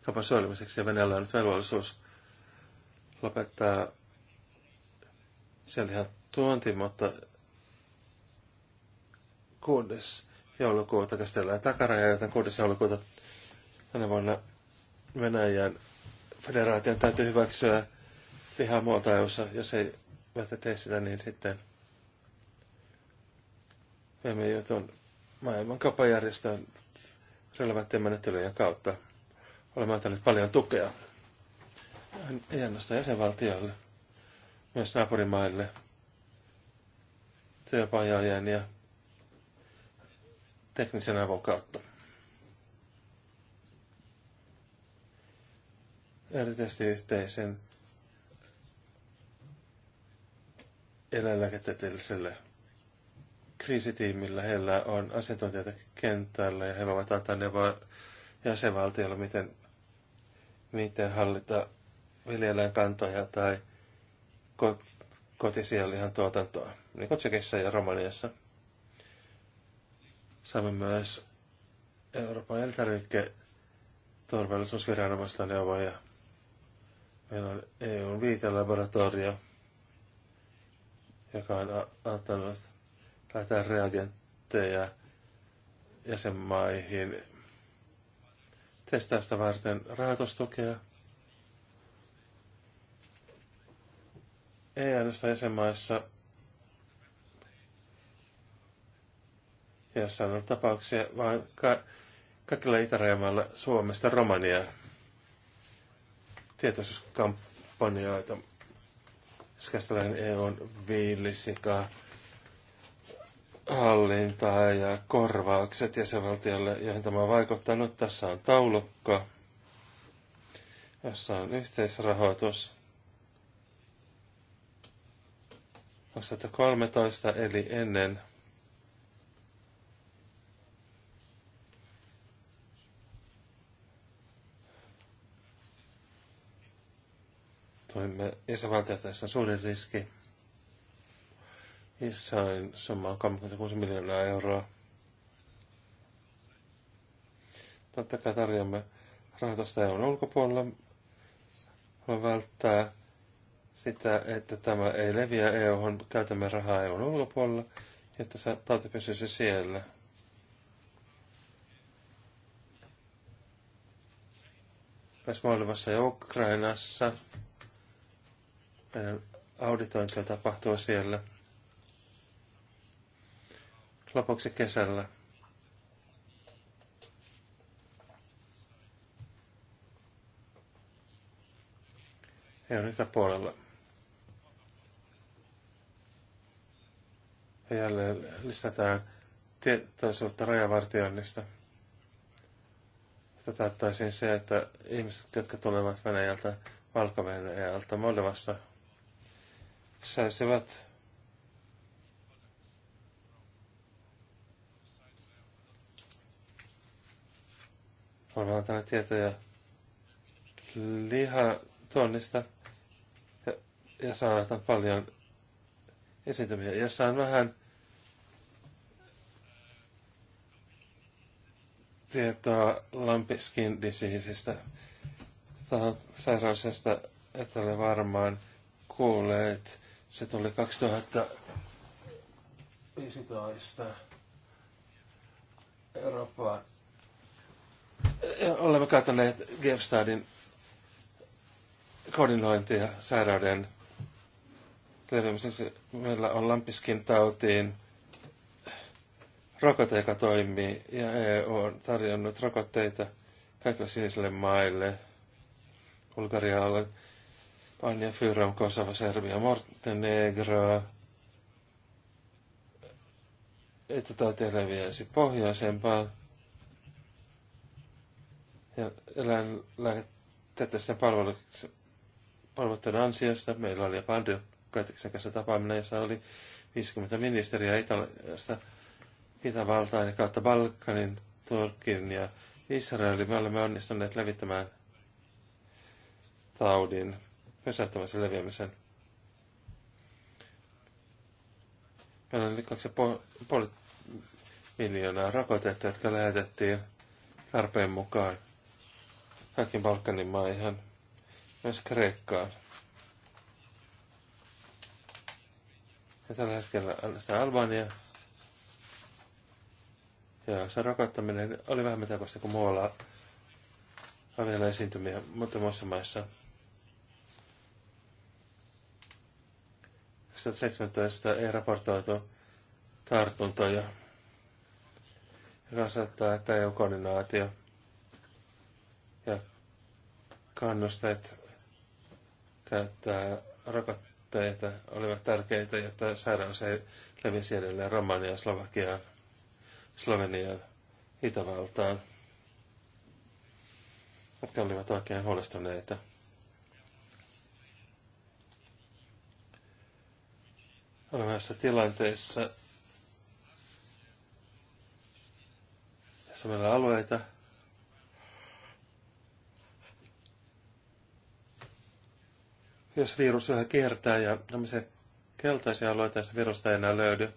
kaupan suojelmiseksi ja Venäjällä on nyt velvollisuus lopettaa sen ihan tuonti, mutta kuudes joulukuuta käsitellään takaraja, joten kuudes joulukuuta tänä vuonna Venäjän federaation täytyy hyväksyä lihaa muualta jos ei välttämättä tee sitä, niin sitten me jutun maailman kapajärjestön relevanttien menettelyjen kautta. Olemme antaneet paljon tukea. Ei ainoastaan jäsenvaltioille, myös naapurimaille, työpajojen ja teknisen avun kautta. Erityisesti yhteisen eläinlääketieteelliselle kriisitiimillä. Heillä on asiantuntijoita kentällä ja he voivat antaa neuvoa jäsenvaltiolle, miten, miten hallita viljeläin kantoja tai kotisianlihan tuotantoa, niin kuin Tsekissä ja Romaniassa. Saamme myös Euroopan elintarvike turvallisuusviranomaista neuvoja. Meillä on EUn viitelaboratorio, joka on auttanut lähetetään reagentteja jäsenmaihin testaista varten rahoitustukea. Ei ainoastaan jäsenmaissa, jossa on tapauksia, vaan ka- kaikilla Itärajamailla Suomesta Romania tietoisuuskampanjoita Skastalainen käsitellään EUn viillisikaa hallintaa ja korvaukset jäsenvaltiolle, joihin tämä on vaikuttanut. Tässä on taulukko, jossa on yhteisrahoitus 2013 eli ennen Toimme jäsenvaltiota, tässä on suuri riski. Isoin summa on 36 miljoonaa euroa. Totta kai tarjoamme rahoitusta EUn ulkopuolella. Haluan välttää sitä, että tämä ei leviä EUhun. Käytämme rahaa EUn ulkopuolella, jotta se tauti pysyisi siellä. Myös maailmassa ja Ukrainassa auditointia tapahtuu siellä. Lopuksi kesällä. Ei ole niitä puolella. Ja jälleen lisätään tietoisuutta rajavartioinnista. Tätä se, että ihmiset, jotka tulevat Venäjältä, Valko-Venäjältä, Moldovasta, saisivat Olemme antaneet tietoja tuonnista ja, ja saan paljon esiintymiä. Ja saan vähän tietoa lampiskin disiisistä sairausesta, että olen varmaan kuulleet se tuli 2015 Eurooppaan. E, olemme katsoneet koordinointi ja sairauden leviämiseksi. Meillä on lampiskin tautiin rokote, joka toimii, ja EU on tarjonnut rokotteita kaikille sinisille maille, Bulgarialle, Albania, Fyrom, Kosova, Serbia, Montenegro. Että tauti leviäisi pohjoisempaan. Ja eläinlääketieteellisten palveluiden ansiosta meillä oli Pandio Kaitiksen kanssa tapaaminen, jossa oli 50 ministeriä Italiasta, Itävaltaan ja kautta Balkanin, Turkin ja Israelin. Me olemme onnistuneet levittämään taudin pysäyttämään sen leviämisen. Meillä oli kaksi puoli miljoonaa rokotetta, jotka lähetettiin tarpeen mukaan kaikki Balkanin maihin, myös Kreikkaan. Ja tällä hetkellä sitä Albania. Ja se rokottaminen oli vähemmän takoista kuin muualla vielä esiintymiä, mutta muissa maissa – 2017 ei raportoitu tartuntoja, joka saattaa, että ole koordinaatio ja kannusteet käyttää rokotteita olivat tärkeitä, jotta sairaus ei levisi edelleen slovakia, Slovakiaan, Sloveniaan, Itävaltaan, jotka olivat oikein huolestuneita. Olemme tilanteessa, jossa meillä on alueita, jos virus yhä kiertää ja tämmöisiä keltaisia alueita, joissa virusta ei enää löydy,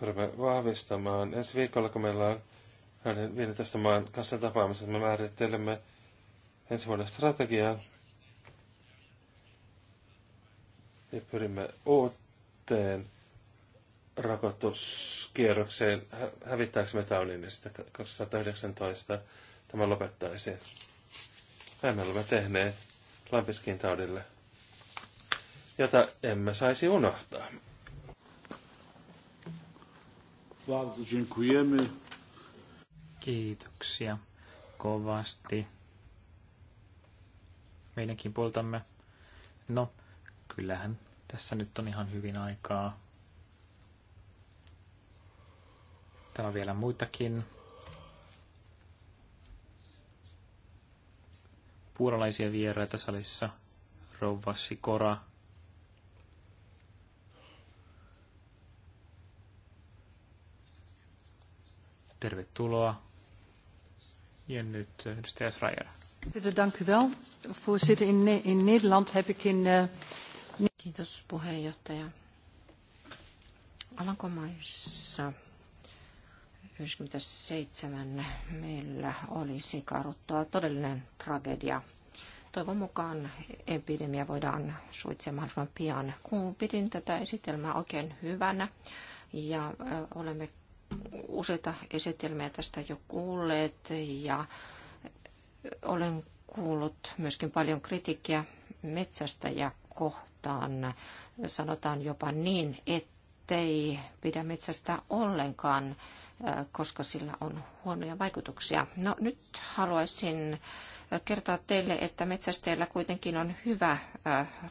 pyrimme vahvistamaan. Ensi viikolla, kun meillä on hänen 15 maan kanssa tapaamisessa, me määrittelemme ensi vuoden strategiaa ja pyrimme uuteen taunin niin Tauninista 2019. Tämä lopettaisi. Näin me olemme tehneet Lampiskin taudille, jota emme saisi unohtaa. Kiitoksia kovasti meidänkin puoltamme. No, kyllähän tässä nyt on ihan hyvin aikaa. Täällä on vielä muitakin. Puolalaisia vieraita salissa. Rouva Sikora. Tervetuloa. Ja nyt edustaja Schreier. Dank u wel. Voorzitter, in, in Nederland heb ik in uh, Kiitos puheenjohtaja. Alankomaissa 97 meillä oli sikaruttoa todellinen tragedia. Toivon mukaan epidemia voidaan suitsia mahdollisimman pian. Kun pidin tätä esitelmää oikein hyvänä ja olemme useita esitelmiä tästä jo kuulleet ja olen kuullut myöskin paljon kritiikkiä metsästä ja kohtaan. Sanotaan jopa niin, ettei pidä metsästä ollenkaan, koska sillä on huonoja vaikutuksia. No nyt haluaisin kertoa teille, että metsästäjillä kuitenkin on hyvä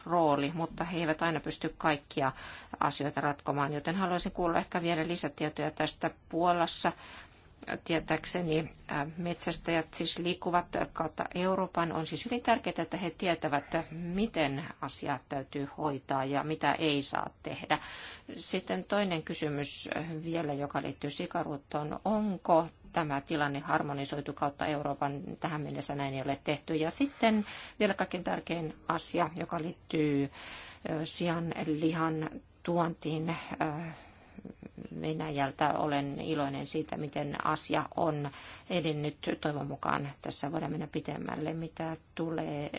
rooli, mutta he eivät aina pysty kaikkia asioita ratkomaan, joten haluaisin kuulla ehkä vielä lisätietoja tästä Puolassa tietääkseni metsästäjät siis liikkuvat kautta Euroopan. On siis hyvin tärkeää, että he tietävät, miten asiat täytyy hoitaa ja mitä ei saa tehdä. Sitten toinen kysymys vielä, joka liittyy sikaruuttoon. Onko tämä tilanne harmonisoitu kautta Euroopan. Tähän mennessä näin ei ole tehty. Ja sitten vielä kaikkein tärkein asia, joka liittyy sian lihan tuontiin Venäjältä. Olen iloinen siitä, miten asia on edennyt. Toivon mukaan tässä voidaan mennä pitemmälle. Mitä tulee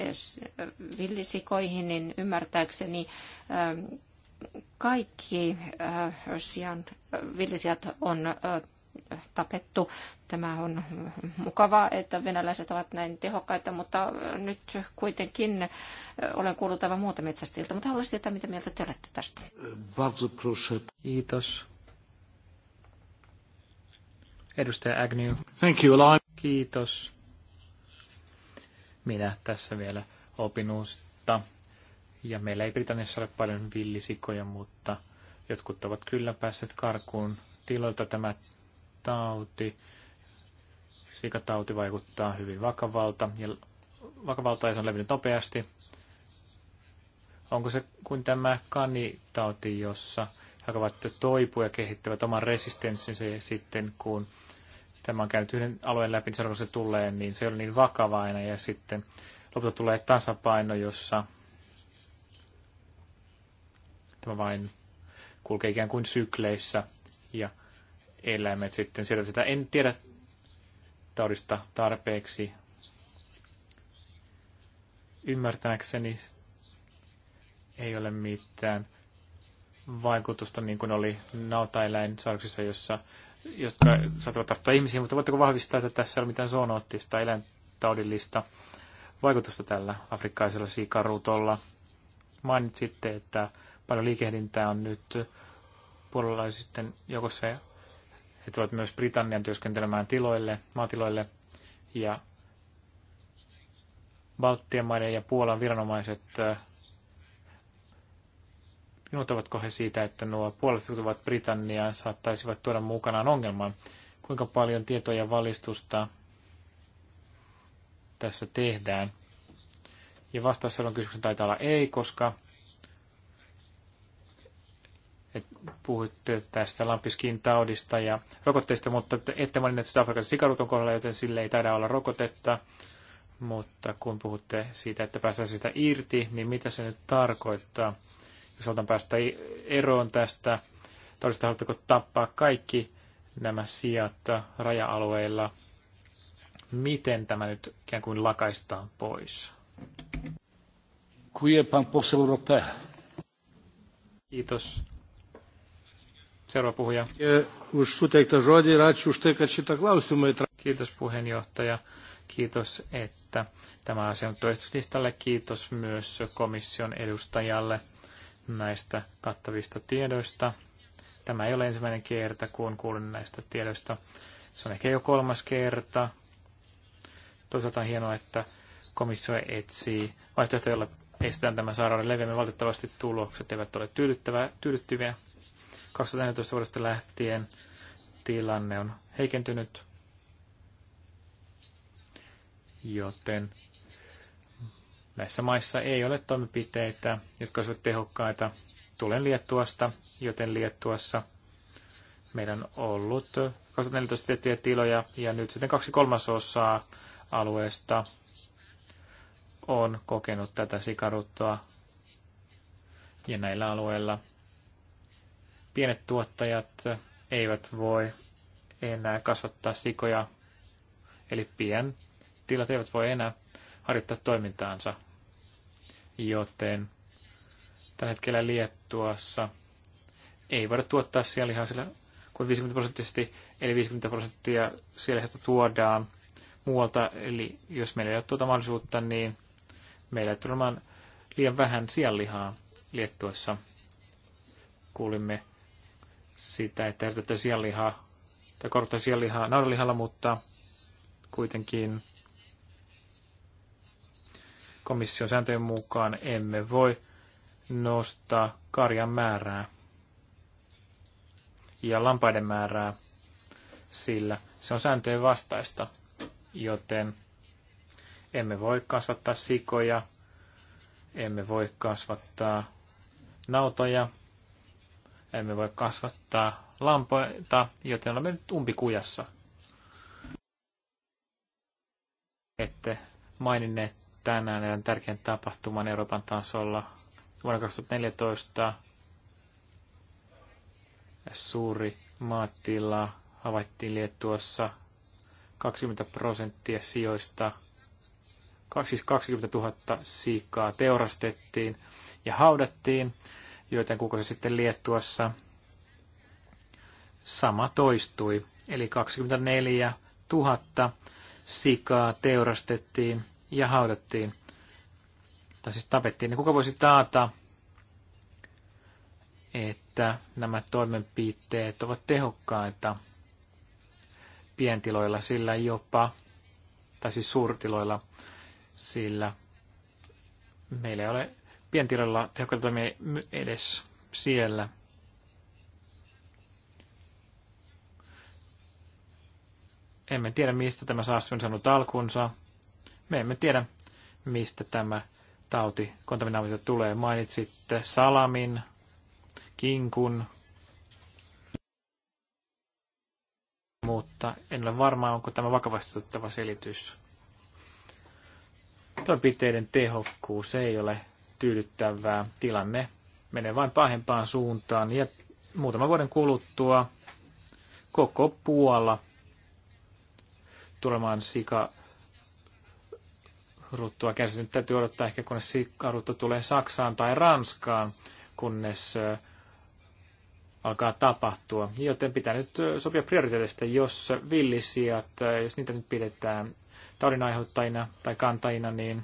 villisikoihin, niin ymmärtääkseni ähm, kaikki äh, sian, villisijat on äh, tapettu. Tämä on mukavaa, että venäläiset ovat näin tehokkaita, mutta äh, nyt kuitenkin olen kuullut aivan muuta metsästiltä. mutta haluaisin tietää, mitä mieltä te olette tästä. Kiitos. Edustaja Agnew. Thank you, Kiitos. Minä tässä vielä opin uutta. Ja meillä ei Britanniassa ole paljon villisikoja, mutta jotkut ovat kyllä päässeet karkuun tiloilta tämä tauti. Sikatauti vaikuttaa hyvin vakavalta ja, vakavalta ja se on levinnyt nopeasti. Onko se kuin tämä kanitauti, jossa he ovat toipua ja kehittävät oman resistenssinsä ja sitten kun tämä on käyty yhden alueen läpi, niin se tulee, niin se on niin vakava aina. Ja sitten lopulta tulee tasapaino, jossa tämä vain kulkee ikään kuin sykleissä ja eläimet sitten sieltä sitä. En tiedä taudista tarpeeksi ymmärtääkseni ei ole mitään vaikutusta, niin kuin oli nautaeläinsauksissa, jossa jotka saattavat tarttua ihmisiin, mutta voitteko vahvistaa, että tässä ei ole mitään zoonoottista eläintaudillista vaikutusta tällä afrikkaisella siikaruutolla? Mainitsitte, että paljon liikehdintää on nyt puolalaisisten joukossa. He tulevat myös Britannian työskentelemään tiloille, maatiloille ja Baltian maiden ja Puolan viranomaiset Innoittavatko he siitä, että nuo puolustuvat Britanniaan saattaisivat tuoda mukanaan ongelman? Kuinka paljon tietoja ja valistusta tässä tehdään? Ja vastaus on kysymys taitaa olla ei, koska et tästä lampiskin taudista ja rokotteista, mutta ette maininneet sitä Afrikan sikaruton kohdalla, joten sille ei taida olla rokotetta. Mutta kun puhutte siitä, että päästään sitä irti, niin mitä se nyt tarkoittaa? jos halutaan päästä eroon tästä, todellista haluatteko tappaa kaikki nämä sijat raja-alueilla, miten tämä nyt ikään kuin lakaistaan pois? Kiitos. Seuraava puhuja. Kiitos puheenjohtaja. Kiitos, että tämä asia on toistuslistalle. Kiitos myös komission edustajalle näistä kattavista tiedoista. Tämä ei ole ensimmäinen kerta, kun kuulen näistä tiedoista. Se on ehkä jo kolmas kerta. Toisaalta on hienoa, että komissio etsii vaihtoehtoja, joilla estetään tämä sairauden leviäminen. Valitettavasti tulokset eivät ole tyydyttäviä. 2014 vuodesta lähtien tilanne on heikentynyt, joten Näissä maissa ei ole toimenpiteitä, jotka olisivat tehokkaita. Tulen Liettuasta, joten Liettuassa meillä on ollut 2014 tiettyjä tiloja ja nyt sitten kaksi kolmasosaa alueesta on kokenut tätä sikaruttoa. Ja näillä alueilla pienet tuottajat eivät voi enää kasvattaa sikoja, eli pien tilat eivät voi enää harjoittaa toimintaansa joten tällä hetkellä Liettuassa ei voida tuottaa sianlihaa sillä kuin 50 prosenttisesti, eli 50 prosenttia sianlihasta tuodaan muualta, eli jos meillä ei ole tuota mahdollisuutta, niin meillä ei tule liian vähän sianlihaa Liettuassa. Kuulimme sitä, että tätä sianlihaa, tai korottaa sianlihaa naudanlihalla, mutta kuitenkin komission sääntöjen mukaan emme voi nostaa karjan määrää ja lampaiden määrää, sillä se on sääntöjen vastaista, joten emme voi kasvattaa sikoja, emme voi kasvattaa nautoja, emme voi kasvattaa lampoita, joten olemme nyt umpikujassa. Ette maininneet tänään näiden tärkeän tapahtuman Euroopan tasolla. Vuonna 2014 suuri maatila havaittiin Liettuossa 20 prosenttia sijoista, 20 000 siis siikaa teurastettiin ja haudattiin, joten se sitten Liettuossa sama toistui. Eli 24 000 sikaa teurastettiin ja haudattiin. Tai siis tapettiin. niin kuka voisi taata, että nämä toimenpiteet ovat tehokkaita pientiloilla, sillä jopa, tai siis suurtiloilla, sillä meillä ei ole pientiloilla tehokkaita toimia edes siellä. Emme tiedä, mistä tämä saastuminen on saanut alkunsa. Me emme tiedä, mistä tämä tauti kontaminaatio tulee. Mainitsitte salamin, kinkun, mutta en ole varma, onko tämä vakavasti tuttava selitys. Toimenpiteiden tehokkuus ei ole tyydyttävää. Tilanne menee vain pahempaan suuntaan ja muutama vuoden kuluttua koko Puola tulemaan sika ruttua kärsinyt. Täytyy odottaa ehkä, kunnes sikaruttu tulee Saksaan tai Ranskaan, kunnes alkaa tapahtua. Joten pitää nyt sopia prioriteetista, jos villisijat, jos niitä nyt pidetään taudin aiheuttajina tai kantajina, niin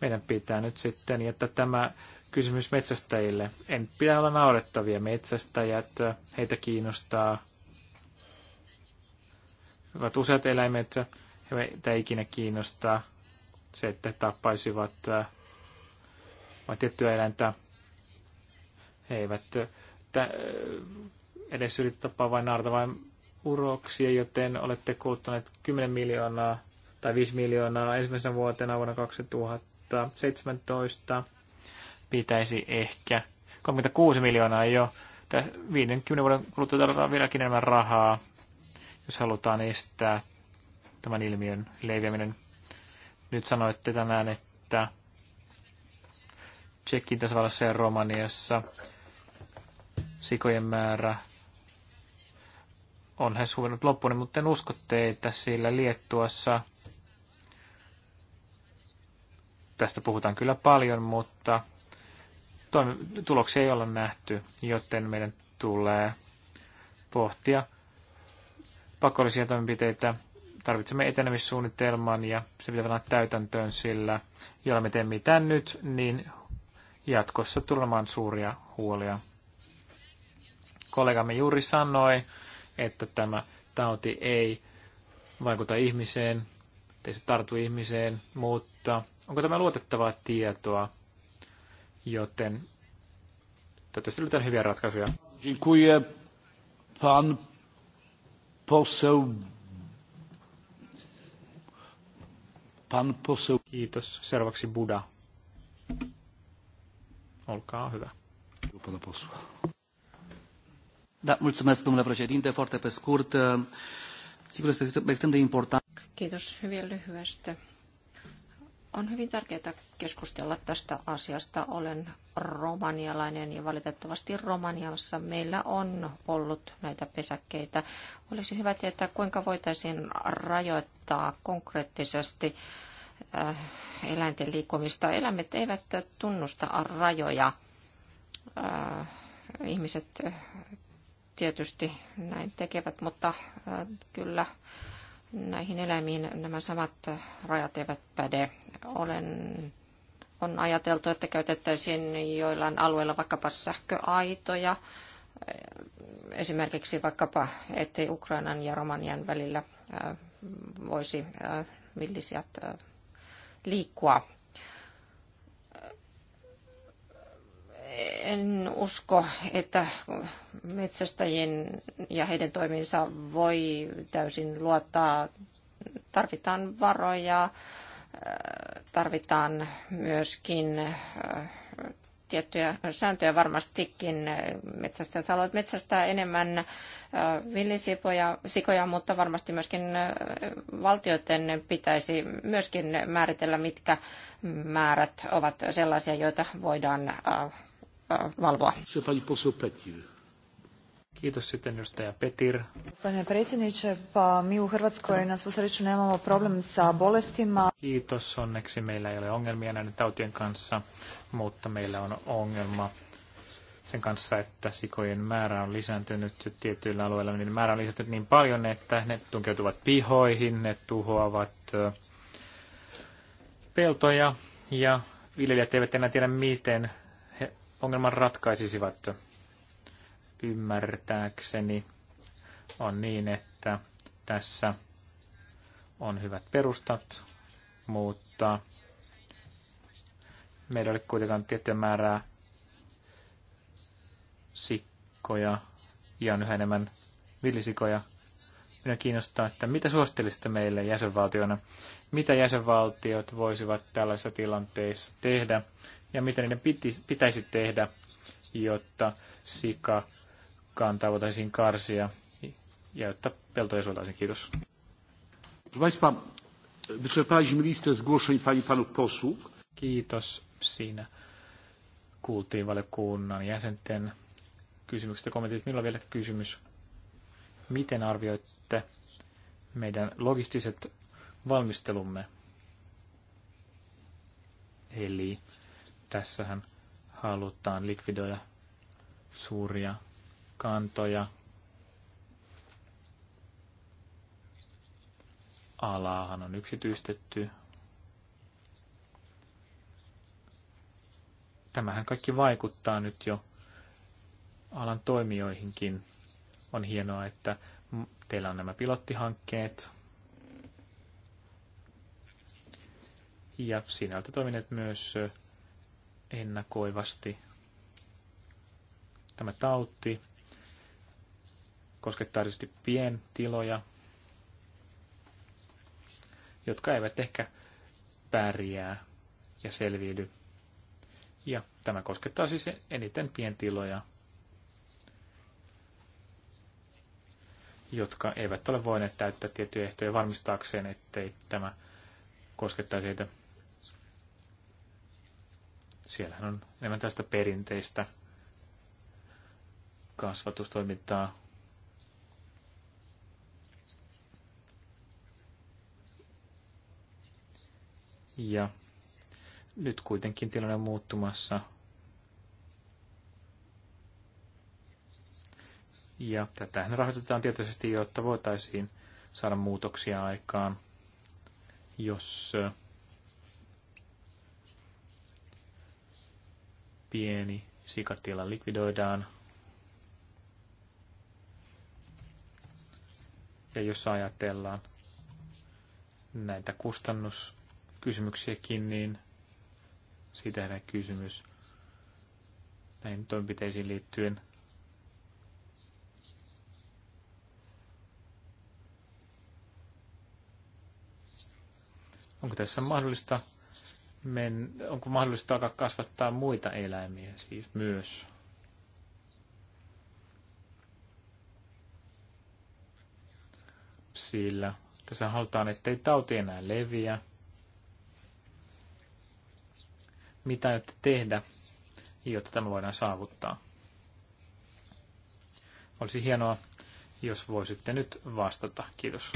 meidän pitää nyt sitten jättää tämä kysymys metsästäjille. En pidä olla naurettavia metsästäjät, heitä kiinnostaa. He useat eläimet, heitä ikinä kiinnostaa se, että he tappaisivat vain tiettyä eläintä. He eivät edes yritä tappaa vain naarta, vain uroksia, joten olette kuluttaneet 10 miljoonaa tai 5 miljoonaa ensimmäisenä vuotena vuonna 2017. Pitäisi ehkä 36 miljoonaa jo. 50 vuoden kuluttua tarvitaan vieläkin enemmän rahaa, jos halutaan estää tämän ilmiön leviäminen. Nyt sanoitte tänään, että Tsekin tasavallassa ja Romaniassa sikojen määrä on he suvennut loppuun, mutta en usko teitä, sillä Liettuassa tästä puhutaan kyllä paljon, mutta toimi- tuloksia ei olla nähty, joten meidän tulee pohtia pakollisia toimenpiteitä tarvitsemme etenemissuunnitelman ja se pitää panna täytäntöön sillä, jolla me teemme tämän nyt, niin jatkossa tulemaan suuria huolia. Kollegamme juuri sanoi, että tämä tauti ei vaikuta ihmiseen, ei se tartu ihmiseen, mutta onko tämä luotettavaa tietoa, joten toivottavasti löydetään hyviä ratkaisuja. Dziękuję pan poseł Pan poseł. Kiitos. Seuraavaksi Buda. Olkaa hyvä. Pana posła. Da, mulțumesc, domnule președinte. Foarte pe scurt, sigur este extrem de important. Kiitos hyvin lyhyestä on hyvin tärkeää keskustella tästä asiasta. Olen romanialainen ja valitettavasti Romaniassa meillä on ollut näitä pesäkkeitä. Olisi hyvä tietää, kuinka voitaisiin rajoittaa konkreettisesti äh, eläinten liikkumista. Eläimet eivät tunnusta rajoja. Äh, ihmiset äh, tietysti näin tekevät, mutta kyllä näihin eläimiin nämä samat rajat eivät päde. Olen, on ajateltu, että käytettäisiin joillain alueilla vaikkapa sähköaitoja, esimerkiksi vaikkapa, ettei Ukrainan ja Romanian välillä voisi villisiat liikkua. en usko, että metsästäjien ja heidän toimiinsa voi täysin luottaa. Tarvitaan varoja, äh, tarvitaan myöskin äh, tiettyjä sääntöjä varmastikin. Äh, metsästäjät haluavat metsästää enemmän villisipoja, sikoja, mutta varmasti myöskin valtioiden pitäisi myöskin määritellä, mitkä määrät ovat sellaisia, joita voidaan Äh, valvoa. Kiitos sitten edustaja Petir. Gospodine predsjedniče, pa mi u Hrvatskoj na svu sreću nemamo problem sa bolestima. Kiitos, onneksi meillä ei ole ongelmia näiden tautien kanssa, mutta meillä on ongelma sen kanssa, että sikojen määrä on lisääntynyt tietyillä alueilla. Niin määrä on lisääntynyt niin paljon, että ne tunkeutuvat pihoihin, ne tuhoavat äh, peltoja ja viljelijät eivät enää tiedä, miten ongelman ratkaisisivat ymmärtääkseni, on niin, että tässä on hyvät perustat, mutta meillä oli kuitenkaan tiettyä määrää sikkoja ja on yhä enemmän villisikoja. Minä kiinnostaa, että mitä suosittelisitte meille jäsenvaltiona? Mitä jäsenvaltiot voisivat tällaisissa tilanteissa tehdä, ja mitä niiden pitäisi tehdä, jotta sika kantaa voitaisiin karsia ja jotta peltoja suotaisiin. Kiitos. pani Kiitos. Siinä kuultiin valiokunnan jäsenten kysymykset ja kommentit. Minulla on vielä kysymys. Miten arvioitte meidän logistiset valmistelumme? Eli Tässähän halutaan likvidoida suuria kantoja alaahan on yksityistetty. Tämähän kaikki vaikuttaa nyt jo alan toimijoihinkin. On hienoa, että teillä on nämä pilottihankkeet. Ja sinältä toimineet myös ennakoivasti. Tämä tauti koskettaa tietysti pientiloja, jotka eivät ehkä pärjää ja selviydy. Ja tämä koskettaa siis eniten pientiloja, jotka eivät ole voineet täyttää tiettyjä ehtoja varmistaakseen, ettei tämä koskettaisi heitä Siellähän on enemmän tästä perinteistä kasvatustoimintaa. Ja nyt kuitenkin tilanne on muuttumassa. Ja tätähän rahoitetaan tietysti, jotta voitaisiin saada muutoksia aikaan, jos pieni sikatila likvidoidaan. Ja jos ajatellaan näitä kustannuskysymyksiäkin, niin siitä herää kysymys näihin toimenpiteisiin liittyen. Onko tässä mahdollista men, onko mahdollista alkaa kasvattaa muita eläimiä siis myös? Sillä tässä halutaan, ettei tauti enää leviä. Mitä aiotte tehdä, jotta tämä voidaan saavuttaa? Olisi hienoa, jos voisitte nyt vastata. Kiitos.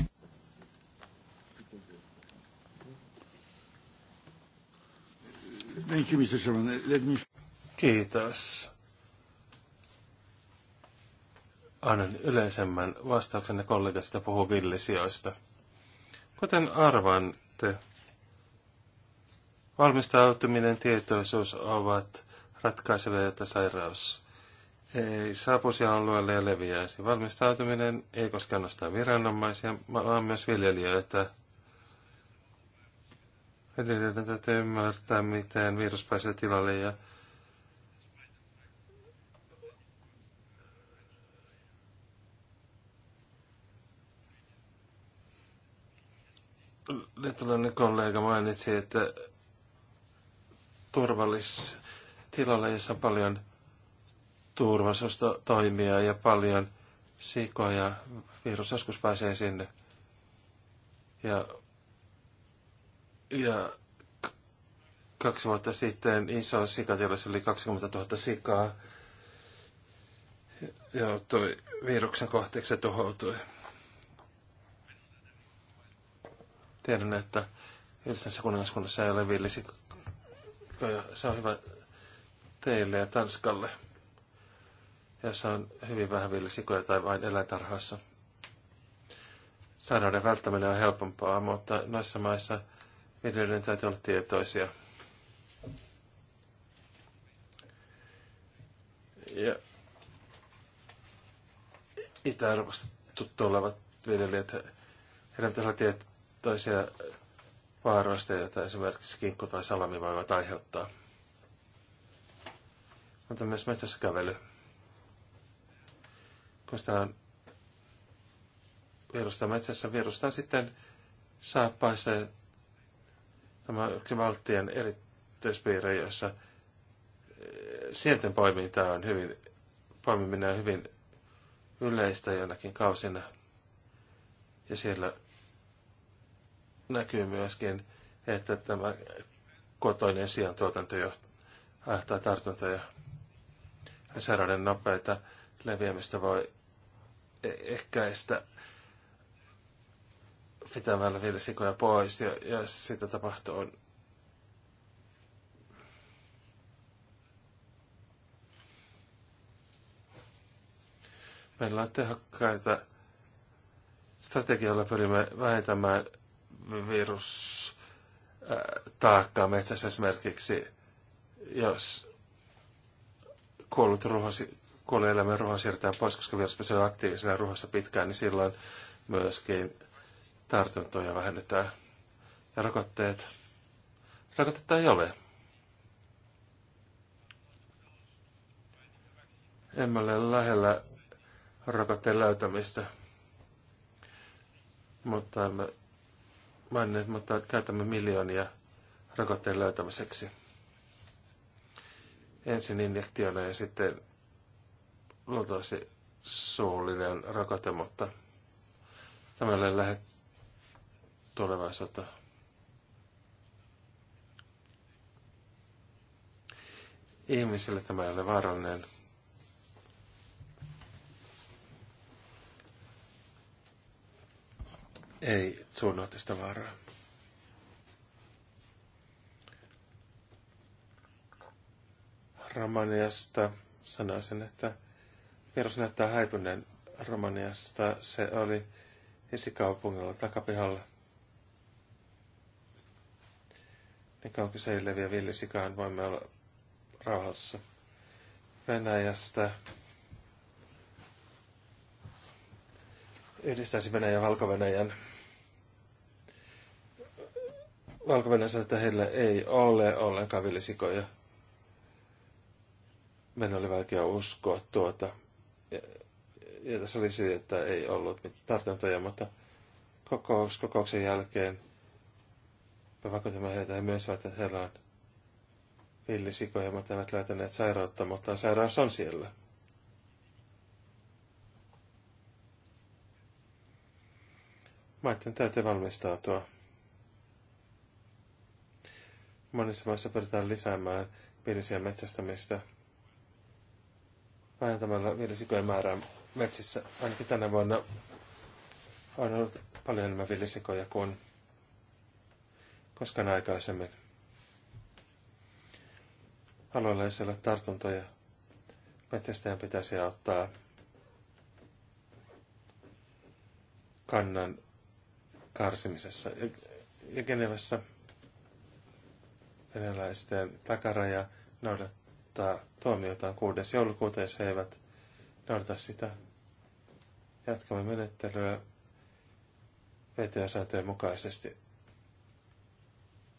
Thank you, Mr. Chairman. Let me... Kiitos. Annan yleisemmän vastauksen kollegasta puhuu villisijoista. Kuten arvaatte, valmistautuminen tietoisuus ovat ratkaisevia, jotta sairaus ei saapuisi alueelle ja leviäisi. Valmistautuminen ei koskaan nostaa viranomaisia, vaan myös viljelijöitä Edelleen täytyy ymmärtää, miten virus pääsee tilalle ja liittolainen kollega mainitsi, että turvallistilalle, jossa on paljon turvallisuustoimia ja paljon sikoja, virus joskus pääsee sinne. Ja ja kaksi vuotta sitten iso sikatilas oli 20 000 sikaa joutui viruksen kohteeksi ja tuhoutui. Tiedän, että Ilsenässä kuningaskunnassa ei ole villisi. Se on hyvä teille ja Tanskalle, jossa on hyvin vähän villisikoja tai vain eläintarhassa. Sairauden välttäminen on helpompaa, mutta noissa maissa – edelleen täytyy olla tietoisia. Ja itä-arvostetut olevat viljelijät, heidän pitäisi olla tietoisia vaaroista, joita esimerkiksi kinkku tai salami voivat aiheuttaa. Mutta myös metsässä kävely. Kun sitä on virusta metsässä, virusta on sitten saappaissa ja Tämä on yksi valtien erityispiirre, jossa eh, sienten poiminta on hyvin, poimiminen on hyvin yleistä jonakin kausina. Ja siellä näkyy myöskin, että tämä kotoinen sijan tuotanto johtaa tartuntoja. Sairauden nopeita leviämistä voi e-, ehkäistä pitämällä vielä sikoja pois ja, ja sitä tapahtuu Meillä on tehokkaita strategioilla pyrimme vähentämään virustaakkaa metsässä esimerkiksi, jos kuollut ruhosi, kuolleen eläimen ruho siirretään pois, koska virus pysyy aktiivisena ruhossa pitkään, niin silloin myöskin tartuntoja vähennetään. Ja rokotteet. Rokotetta ei ole. Emme ole lähellä rokotteen löytämistä. Mutta me mainit, mutta käytämme miljoonia rokotteen löytämiseksi. Ensin injektiona ja sitten luultavasti suullinen rokote, mutta tämä ei lähet tulevaa sotaa. Ihmisille tämä ei ole vaarallinen. Ei suunnaa tästä vaaraa. Romaniasta sanoisin, että virus näyttää häipyneen Romaniasta. Se oli esikaupungilla takapihalla. Niin kauan kuin se ei leviä villisikaan, voimme olla rauhassa. Venäjästä. Yhdistäisi Venäjän Valko-Venäjän. valko että heillä ei ole ollenkaan villisikoja. Meidän oli vaikea uskoa tuota. Ja, ja tässä oli syy, että ei ollut tartuntoja, mutta kokous, kokouksen jälkeen – me vakuutimme heitä ja myös, että heillä on villisikoja, mutta eivät löytäneet sairautta, mutta sairaus on siellä. Maiden täytyy valmistautua. Monissa maissa pyritään lisäämään villisien metsästämistä vähentämällä villisikojen määrää metsissä. Ainakin tänä vuonna on ollut paljon enemmän villisikoja kuin koskaan aikaisemmin. Alueella ei ole tartuntoja. Metsästäjän pitäisi auttaa kannan karsimisessa. Ja e-, Genevässä venäläisten takaraja noudattaa tuomiotaan 6. joulukuuta, jos he eivät noudata sitä. Jatkamme menettelyä VTO-sääntöjen mukaisesti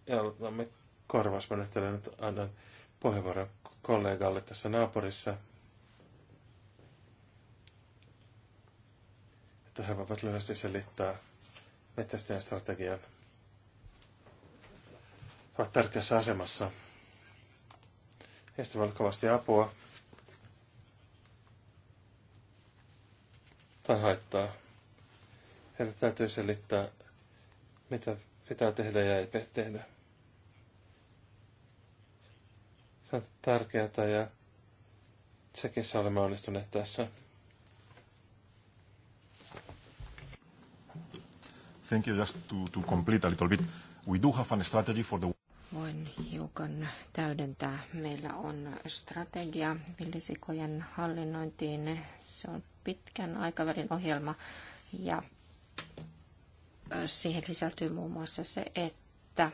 ja korvaus korvausmenettelyyn. Nyt annan puheenvuoron kollegalle tässä naapurissa. Että he voivat lyhyesti selittää metsästäjän strategian. He ovat tärkeässä asemassa. Heistä voi kovasti apua tai haittaa. Heidän täytyy selittää, mitä pitää tehdä ja ei tehdä. Se on tärkeää ja Tsekissä olemme onnistuneet tässä. Thank you. Just to, to complete a little bit, we do have a strategy for the voin hiukan täydentää. Meillä on strategia villisikojen hallinnointiin. Se on pitkän aikavälin ohjelma ja siihen sisältyy muun muassa se, että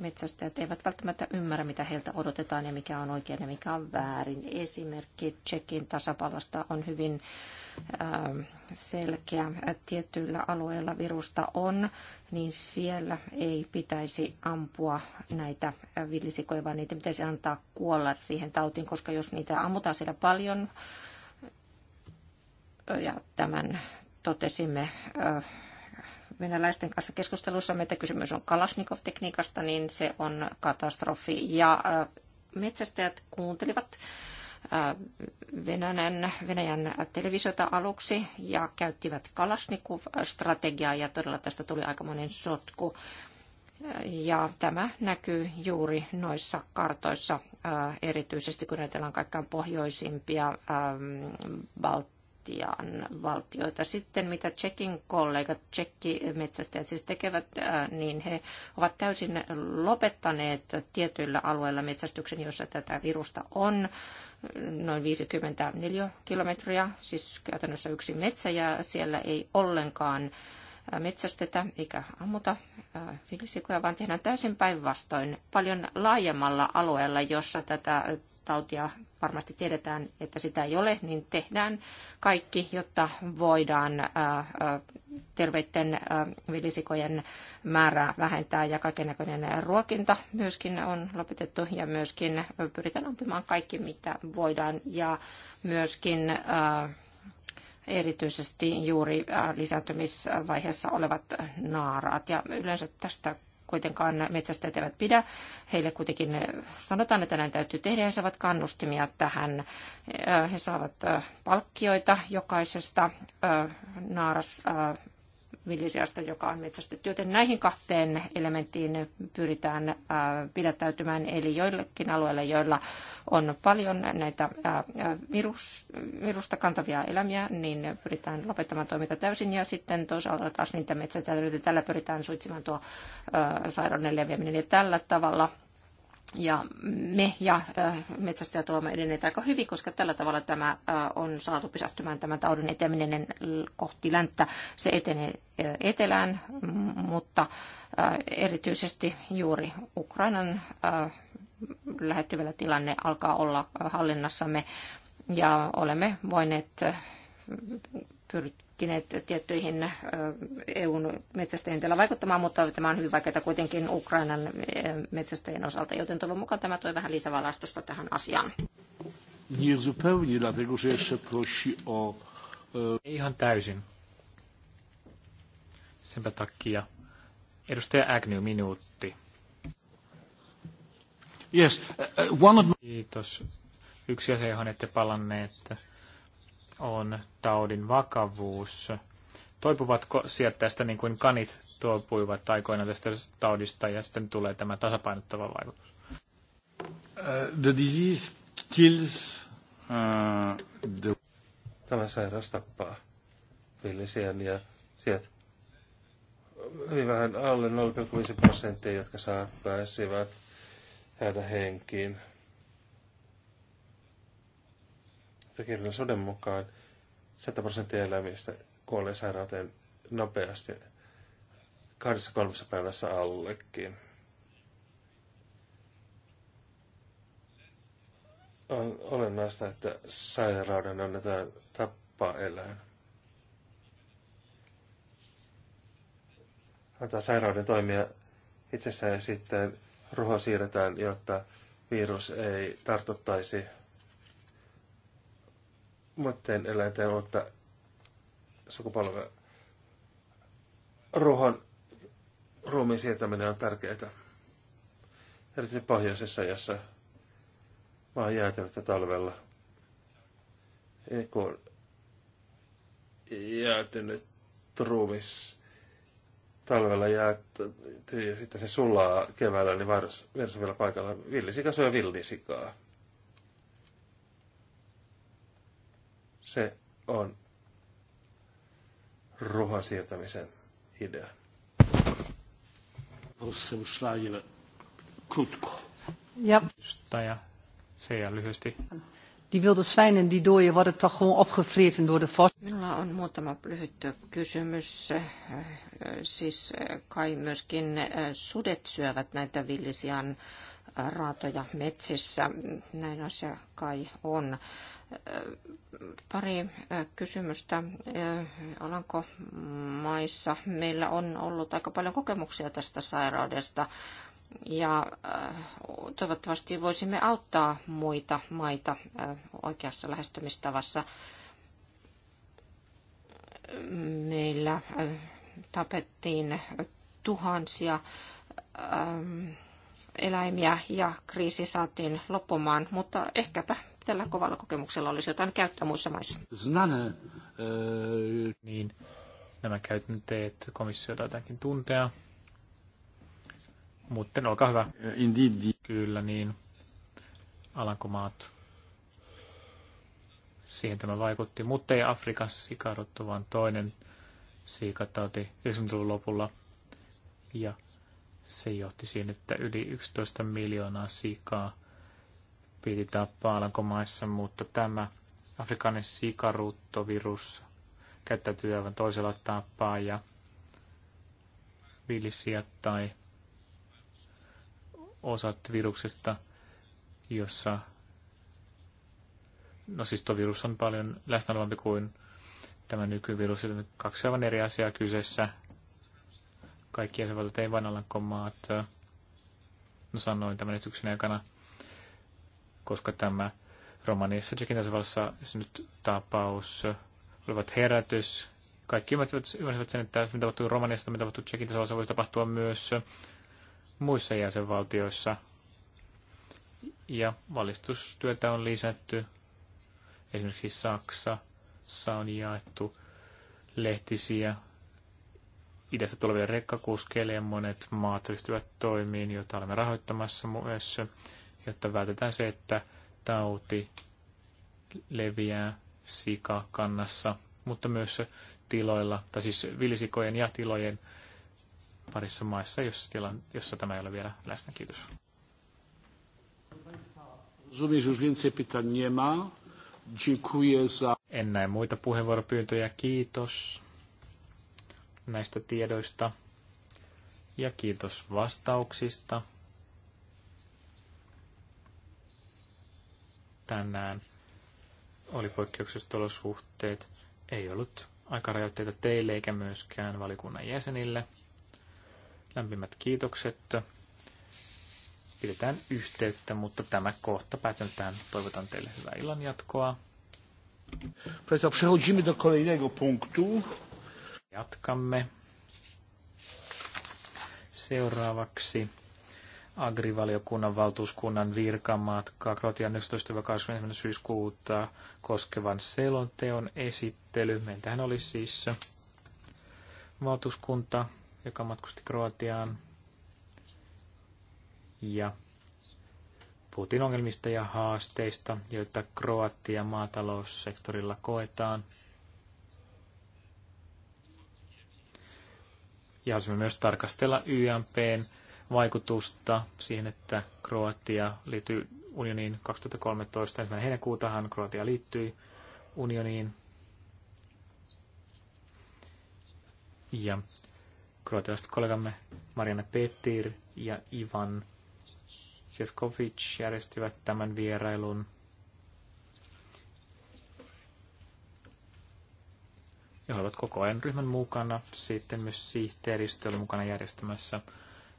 metsästäjät eivät välttämättä ymmärrä, mitä heiltä odotetaan ja mikä on oikein ja mikä on väärin. Esimerkki Tsekin tasapallosta on hyvin ähm, selkeä. Tietyillä alueilla virusta on, niin siellä ei pitäisi ampua näitä villisikoja, vaan niitä pitäisi antaa kuolla siihen tautiin, koska jos niitä ammutaan siellä paljon, ja tämän totesimme äh, venäläisten kanssa keskustelussa, että kysymys on Kalashnikov-tekniikasta, niin se on katastrofi. Ja metsästäjät kuuntelivat Venäjän, Venäjän televisiota aluksi ja käyttivät Kalashnikov-strategiaa ja todella tästä tuli aikamoinen sotku. Ja tämä näkyy juuri noissa kartoissa, erityisesti kun ajatellaan kaikkein pohjoisimpia Balt- Baltian valtioita. Sitten mitä Tsekin kollegat, metsästäjät siis tekevät, äh, niin he ovat täysin lopettaneet tietyillä alueilla metsästyksen, jossa tätä virusta on noin 54 kilometriä, siis käytännössä yksi metsä ja siellä ei ollenkaan äh, metsästetä eikä ammuta villisikoja, äh, vaan tehdään täysin päinvastoin paljon laajemmalla alueella, jossa tätä tautia varmasti tiedetään, että sitä ei ole, niin tehdään kaikki, jotta voidaan terveiden villisikojen määrää vähentää ja kaikennäköinen ruokinta myöskin on lopetettu ja myöskin pyritään oppimaan kaikki, mitä voidaan ja myöskin erityisesti juuri lisääntymisvaiheessa olevat naaraat. Ja yleensä tästä kuitenkaan metsästäjät eivät pidä. Heille kuitenkin sanotaan, että näin täytyy tehdä ja he saavat kannustimia tähän. He saavat palkkioita jokaisesta naaras villisiasta, joka on metsästetty. Joten näihin kahteen elementtiin pyritään äh, pidättäytymään, eli joillekin alueille, joilla on paljon näitä äh, virus, virusta kantavia eläimiä, niin pyritään lopettamaan toiminta täysin, ja sitten toisaalta taas niitä metsätäytyy, tällä pyritään suitsimaan tuo äh, sairauden leviäminen, ja tällä tavalla ja me ja metsästäjät olemme edenneet aika hyvin, koska tällä tavalla tämä on saatu pysähtymään tämä taudin eteminen kohti länttä. Se etenee etelään, mutta erityisesti juuri Ukrainan lähettyvällä tilanne alkaa olla hallinnassamme ja olemme voineet pyrkineet tiettyihin EUn metsästäjien vaikuttamaan, mutta tämä on hyvin vaikeaa kuitenkin Ukrainan metsästäjien osalta, joten toivon mukaan tämä toi vähän lisävalastusta tähän asiaan. Nie e, Ihan täysin. Senpä takia. Edustaja Agnew, minuutti. Yes, e, e, one of... Kiitos. Yksi asia, johon ette palanneet on taudin vakavuus. Toipuvatko sieltä tästä niin kuin kanit toipuivat aikoina tästä taudista ja sitten tulee tämä tasapainottava vaikutus? Uh, the disease kills uh, the... Tämä sairaus tappaa villisiän ja sieltä hyvin vähän alle 0,5 prosenttia, jotka pääsivät jäädä henkiin. kirjan soden mukaan 100 prosenttia eläimistä kuolee sairauteen nopeasti kahdessa kolmessa päivässä allekin. On olennaista, että sairauden annetaan tappaa eläin. Antaa sairauden toimia itsessään ja sitten ruho siirretään, jotta virus ei tartuttaisi muiden eläinten ottaa sukupolven ruohon ruumiin siirtäminen on tärkeää. Erityisesti pohjoisessa, jossa mä oon jäätynyt talvella. eikö jäätynyt ruumis talvella jäätty ja sitten se sulaa keväällä, niin varsin vielä paikalla syö villisikaa. Se on ruhan siirtämisen idea. Ja. ja se ja Die wilde zwijnen, die dooien, worden toch gewoon opgevreten door de vos. Minulla on muutama lyhyt kysymys. Siis kai myöskin sudet syövät näitä villisian raatoja metsissä. Näin asia kai on. Pari kysymystä. maissa meillä on ollut aika paljon kokemuksia tästä sairaudesta ja toivottavasti voisimme auttaa muita maita oikeassa lähestymistavassa. Meillä tapettiin tuhansia eläimiä ja kriisi saatiin loppumaan, mutta ehkäpä tällä kovalla kokemuksella olisi jotain käyttöä muissa maissa. Znane, e, Niin, nämä käytänteet komissio jotakin tuntea. Muuten olkaa hyvä. E, indeed. Kyllä niin. Alankomaat. Siihen tämä vaikutti, mutta ei Afrikassa sikarottu, vaan toinen siikatauti 90-luvun lopulla. Ja se johti siihen, että yli 11 miljoonaa sikaa piti tappaa Alankomaissa, mutta tämä afrikainen sikaruttovirus käyttäytyy aivan toisella tapaa ja villisijat tai osat viruksesta, jossa no siis tuo virus on paljon läsnäolevampi kuin tämä nykyvirus, joten kaksi aivan eri asiaa kyseessä kaikki jäsenvaltiot, ei vain Alankomaat. No sanoin tämän esityksen aikana, koska tämä Romaniassa, Tsekin tasavallassa nyt tapaus, olivat herätys. Kaikki ymmärsivät sen, että mitä tapahtuu Romaniassa, mitä tapahtuu Tsekin tasavallassa, voisi tapahtua myös muissa jäsenvaltioissa. Ja valistustyötä on lisätty. Esimerkiksi Saksassa on jaettu lehtisiä idästä tuleville rekkakuskeille ja monet maat ryhtyvät toimiin, joita olemme rahoittamassa myös, jotta vältetään se, että tauti leviää kannassa, mutta myös tiloilla, tai siis vilisikojen ja tilojen parissa maissa, jossa, tilan, jossa tämä ei ole vielä läsnä. Kiitos. En näe muita puheenvuoropyyntöjä. Kiitos näistä tiedoista ja kiitos vastauksista. Tänään oli poikkeukselliset olosuhteet. Ei ollut aikarajoitteita teille eikä myöskään valikunnan jäsenille. Lämpimät kiitokset. Pidetään yhteyttä, mutta tämä kohta päätän tähän. Toivotan teille hyvää illan jatkoa. Przechodzimy do kolejnego punktu. Jatkamme. Seuraavaksi agrivaliokunnan valtuuskunnan virkamaat Kroatian 11-20. syyskuuta koskevan selonteon esittely. Meiltähän oli siis valtuuskunta, joka matkusti Kroatiaan ja Putin ongelmista ja haasteista, joita Kroatia maataloussektorilla koetaan – Ja halusimme myös tarkastella YMPn vaikutusta siihen, että Kroatia liittyy unioniin 2013. Ensimmäinen heinäkuutahan Kroatia liittyi unioniin. Ja kroatialaiset kollegamme Marianne Petir ja Ivan Sjefkovic järjestivät tämän vierailun – ja he olivat koko ajan ryhmän mukana. Sitten myös sihteeristö oli mukana järjestämässä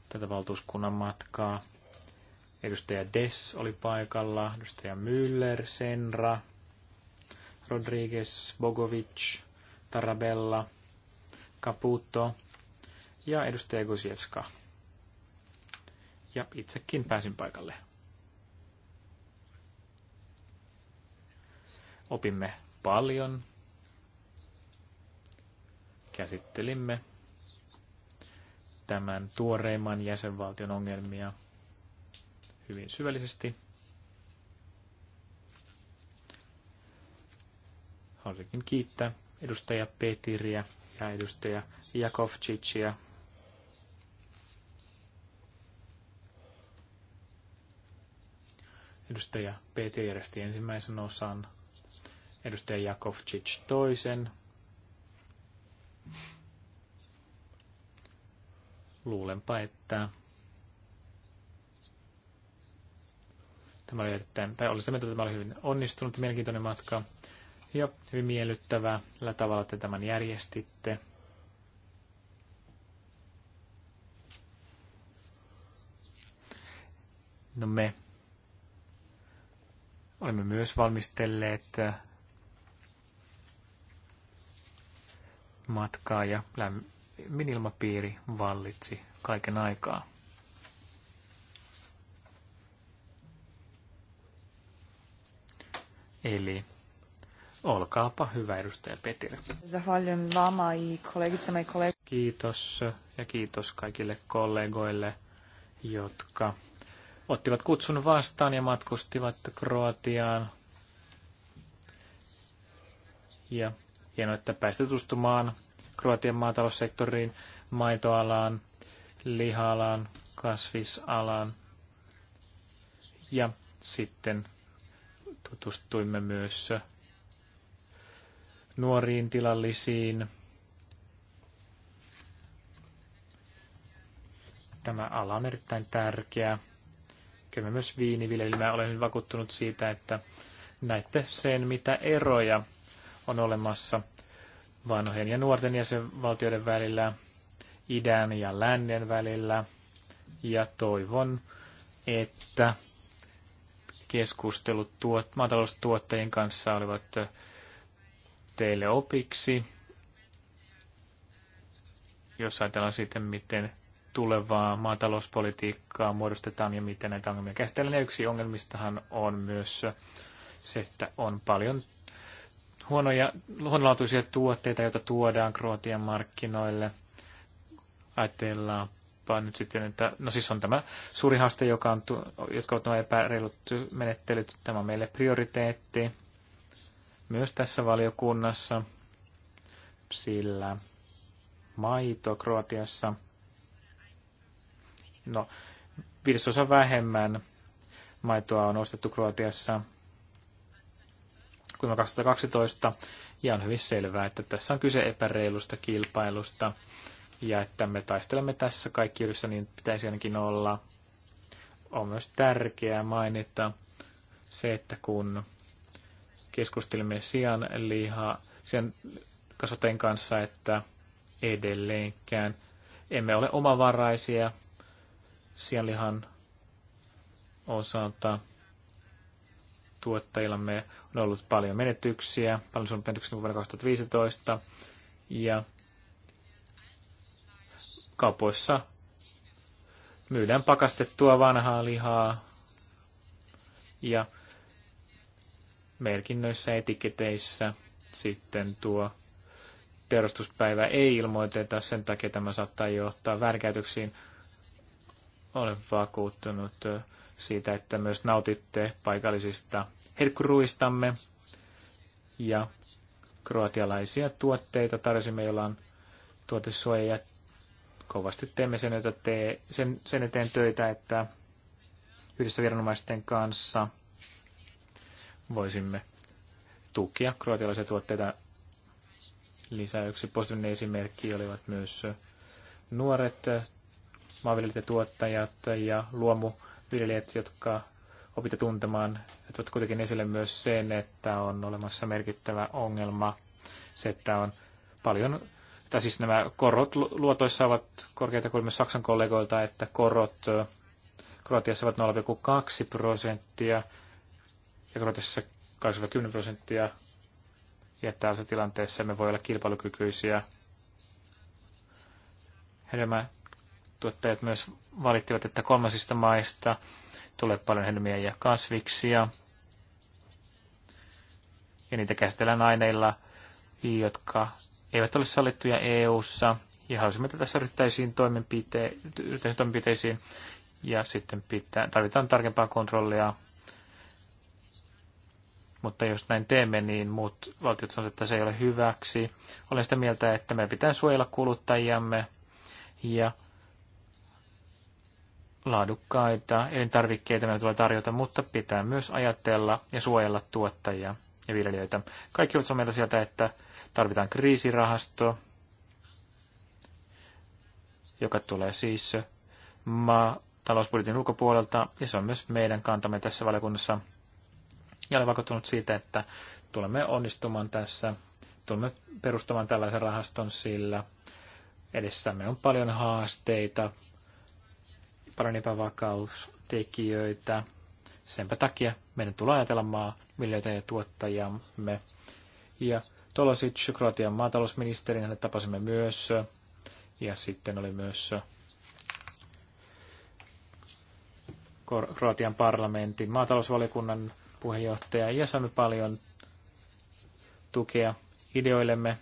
tätä valtuuskunnan matkaa. Edustaja Des oli paikalla, edustaja Müller, Senra, Rodriguez, Bogovic, Tarabella, Caputo ja edustaja Gosievska. Ja itsekin pääsin paikalle. Opimme paljon käsittelimme tämän tuoreimman jäsenvaltion ongelmia hyvin syvällisesti. Haluaisinkin kiittää edustaja Petiriä ja edustaja Jakovčićia Edustaja Peter järjesti ensimmäisen osan, edustaja Jakovčić toisen Luulenpa, että tämä oli erittäin, tai oli sitä että tämä oli hyvin onnistunut ja mielenkiintoinen matka. Ja hyvin miellyttävää tavalla te tämän järjestitte. No me olemme myös valmistelleet matkaa ja lämmin ilmapiiri vallitsi kaiken aikaa. Eli olkaapa hyvä edustaja Petir. Kiitos ja kiitos kaikille kollegoille, jotka ottivat kutsun vastaan ja matkustivat Kroatiaan. Ja Hienoa, että päästä tutustumaan Kroatian maataloussektoriin, maitoalaan, lihaalaan, kasvisalaan. Ja sitten tutustuimme myös nuoriin tilallisiin. Tämä ala on erittäin tärkeä. Kyllä myös viiniviljelmää olen vakuuttunut siitä, että näette sen, mitä eroja on olemassa vanhojen ja nuorten jäsenvaltioiden välillä, idän ja lännen välillä. Ja toivon, että keskustelut tuot, maataloustuottajien kanssa olivat teille opiksi. Jos ajatellaan sitten, miten tulevaa maatalouspolitiikkaa muodostetaan ja miten näitä ongelmia käsitellään. Ja yksi ongelmistahan on myös se, että on paljon huonoja, huonolaatuisia tuotteita, joita tuodaan Kroatian markkinoille. Ajatellaanpa nyt sitten, että no siis on tämä suuri haaste, joka on, jotka ovat nuo epäreilut menettelyt. Tämä on meille prioriteetti myös tässä valiokunnassa, sillä maito Kroatiassa, no viidesosa vähemmän maitoa on ostettu Kroatiassa – kuin 2012, ja on hyvin selvää, että tässä on kyse epäreilusta kilpailusta, ja että me taistelemme tässä kaikki yhdessä, niin pitäisi ainakin olla. On myös tärkeää mainita se, että kun keskustelimme sian liha, sian kasvattajien kanssa, että edelleenkään emme ole omavaraisia sianlihan osalta tuottajillamme on ollut paljon menetyksiä, paljon suurempi menetyksiä vuonna 2015, ja kaupoissa myydään pakastettua vanhaa lihaa, ja merkinnöissä, etiketeissä sitten tuo teurastuspäivä ei ilmoiteta, sen takia tämä saattaa johtaa väärinkäytöksiin. Olen vakuuttunut siitä, että myös nautitte paikallisista herkkuruistamme ja kroatialaisia tuotteita tarjosimme, joilla on tuotesuoja ja kovasti teemme sen, että tee, sen, sen eteen töitä, että yhdessä viranomaisten kanssa voisimme tukia kroatialaisia tuotteita lisää. Yksi positiivinen esimerkki olivat myös nuoret maanviljelijät ja tuottajat ja luomu viljelijät, jotka opitte tuntemaan, tuot kuitenkin esille myös sen, että on olemassa merkittävä ongelma se, että on paljon, tai siis nämä korot luotoissa ovat korkeita kuin myös Saksan kollegoilta, että korot Kroatiassa ovat 0,2 prosenttia ja Kroatiassa 80 prosenttia. Ja tällaisessa tilanteessa me voi olla kilpailukykyisiä. Hedelmä tuottajat myös valittivat, että kolmasista maista tulee paljon helmiä ja kasviksia. Ja niitä käsitellään aineilla, jotka eivät ole sallittuja EU-ssa. Ja halusimme, että tässä ryhtäisiin toimenpite- toimenpiteisiin ja sitten pitää, tarvitaan tarkempaa kontrollia. Mutta jos näin teemme, niin muut valtiot sanovat, että se ei ole hyväksi. Olen sitä mieltä, että meidän pitää suojella kuluttajiamme ja laadukkaita elintarvikkeita meillä tulee tarjota, mutta pitää myös ajatella ja suojella tuottajia ja viljelijöitä. Kaikki ovat samaa sieltä, että tarvitaan kriisirahasto, joka tulee siis maa talousbudjetin ulkopuolelta, ja se on myös meidän kantamme tässä valiokunnassa. Ja olen vakuuttunut siitä, että tulemme onnistumaan tässä, tulemme perustamaan tällaisen rahaston sillä. Edessämme on paljon haasteita, paljon epävakaustekijöitä. Senpä takia meidän tulee ajatella maa, viljelijöitä ja tuottajamme. Ja Tolosic, Kroatian maatalousministerin, hänet tapasimme myös. Ja sitten oli myös Kroatian parlamentin maatalousvaliokunnan puheenjohtaja ja saimme paljon tukea ideoillemme.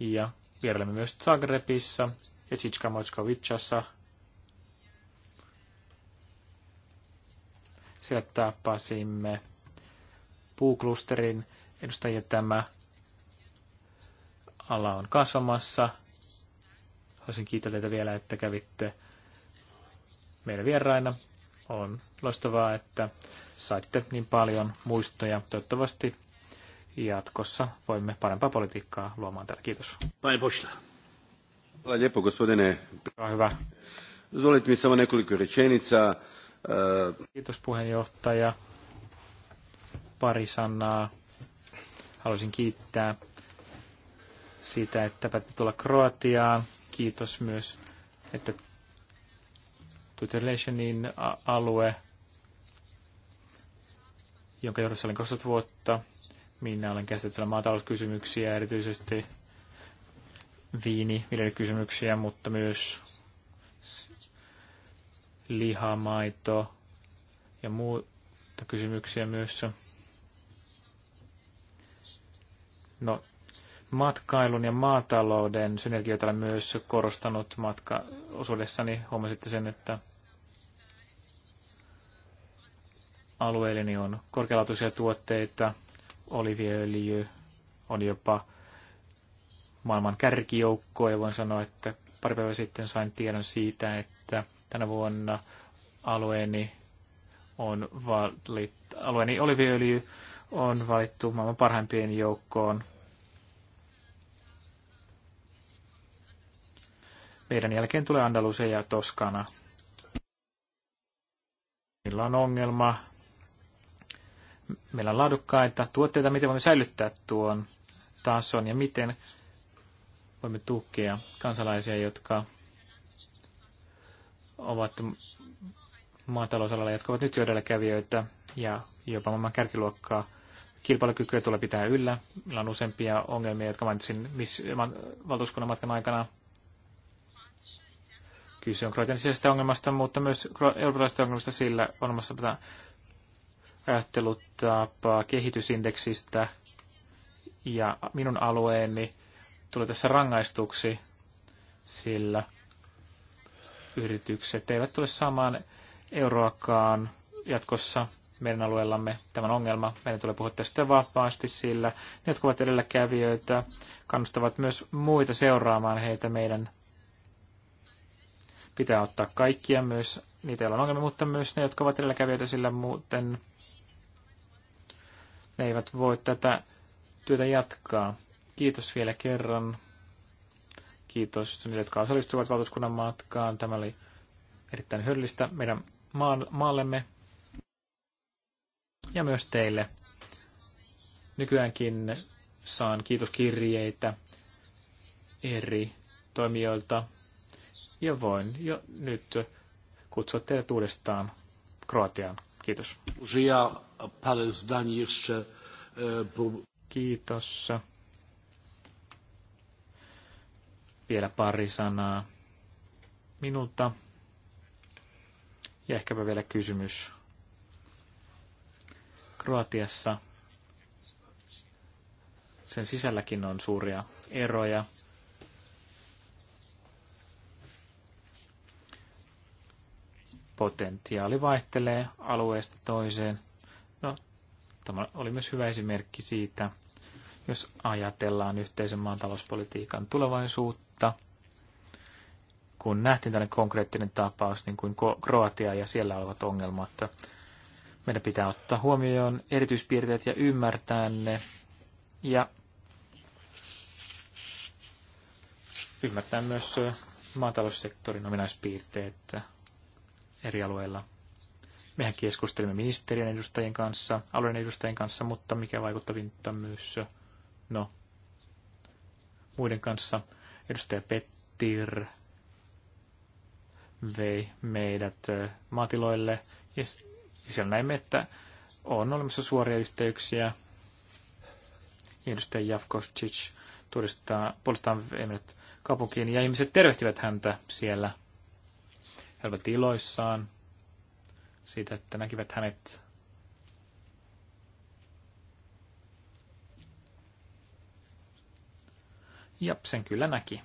Ja vierailemme myös Zagrebissa Jetička Moskovicassa. Sieltä tapasimme puuklusterin edustajia tämä ala on kasvamassa. Haluaisin kiittää teitä vielä, että kävitte meillä vieraina. On loistavaa, että saitte niin paljon muistoja. Toivottavasti jatkossa voimme parempaa politiikkaa luomaan täällä. Kiitos. Päin gospodine. Hyvä. Zolit mi samo nekoliko rečenica. Eh, Kiitos puheenjohtaja. Pari sanaa. Haluaisin kiittää siitä, että päätti tulla Kroatiaan. Kiitos myös, että Tutelationin alue, jonka johdossa olin 20 vuotta. Minä olen käsitellyt maatalouskysymyksiä erityisesti viini, mutta myös lihamaito ja muuta kysymyksiä myös. No, matkailun ja maatalouden synergioita olen myös korostanut matkaosuudessani. Huomasitte sen, että alueelleni on korkealaatuisia tuotteita, oliviöljy, on jopa maailman kärkijoukkoa ja voin sanoa, että pari päivää sitten sain tiedon siitä, että tänä vuonna alueeni on valit, alueeni oliviöljy on valittu maailman parhaimpien joukkoon. Meidän jälkeen tulee Andalusia ja Toskana. Meillä on ongelma. Meillä on laadukkaita tuotteita, miten voimme säilyttää tuon tason ja miten voimme tukea kansalaisia, jotka ovat maatalousalalla, jotka ovat nyt jo ja jopa maailman kärkiluokkaa. Kilpailukykyä tulee pitää yllä. Meillä on useampia ongelmia, jotka mainitsin miss, valtuuskunnan matkan aikana. Kyse on kroatianisesta ongelmasta, mutta myös eurooppalaisesta ongelmasta sillä on omassa ajattelutapaa kehitysindeksistä ja minun alueeni tulee tässä rangaistuksi, sillä yritykset eivät tule saamaan euroakaan jatkossa meidän alueellamme tämän ongelma. Meidän tulee puhua tästä vapaasti, sillä ne, jotka ovat edelläkävijöitä, kannustavat myös muita seuraamaan heitä meidän. Pitää ottaa kaikkia myös, niitä joilla on ongelmia, mutta myös ne, jotka ovat edelläkävijöitä, sillä muuten ne eivät voi tätä työtä jatkaa. Kiitos vielä kerran. Kiitos niille, jotka osallistuivat valtuuskunnan matkaan. Tämä oli erittäin hyödyllistä meidän maallemme ja myös teille. Nykyäänkin saan kiitoskirjeitä eri toimijoilta ja voin jo nyt kutsua teidät uudestaan Kroatiaan. Kiitos. E, Kiitos. vielä pari sanaa minulta. Ja ehkäpä vielä kysymys. Kroatiassa sen sisälläkin on suuria eroja. Potentiaali vaihtelee alueesta toiseen. No, tämä oli myös hyvä esimerkki siitä, jos ajatellaan yhteisen maatalouspolitiikan tulevaisuutta mutta kun nähtiin tällainen konkreettinen tapaus, niin kuin Kroatia ja siellä olevat ongelmat, meidän pitää ottaa huomioon erityispiirteet ja ymmärtää ne ja ymmärtää myös maataloussektorin ominaispiirteet eri alueilla. Mehän keskustelimme ministeriön edustajien kanssa, alueen edustajien kanssa, mutta mikä vaikuttavinta myös no, muiden kanssa Edustaja Pettir vei meidät maatiloille ja siellä näimme, että on olemassa suoria yhteyksiä. Ja edustaja Javkoscic tuodistaa puolestaan meidät kaupunkiin ja ihmiset tervehtivät häntä siellä. He olivat iloissaan siitä, että näkivät hänet Ja sen kyllä näki.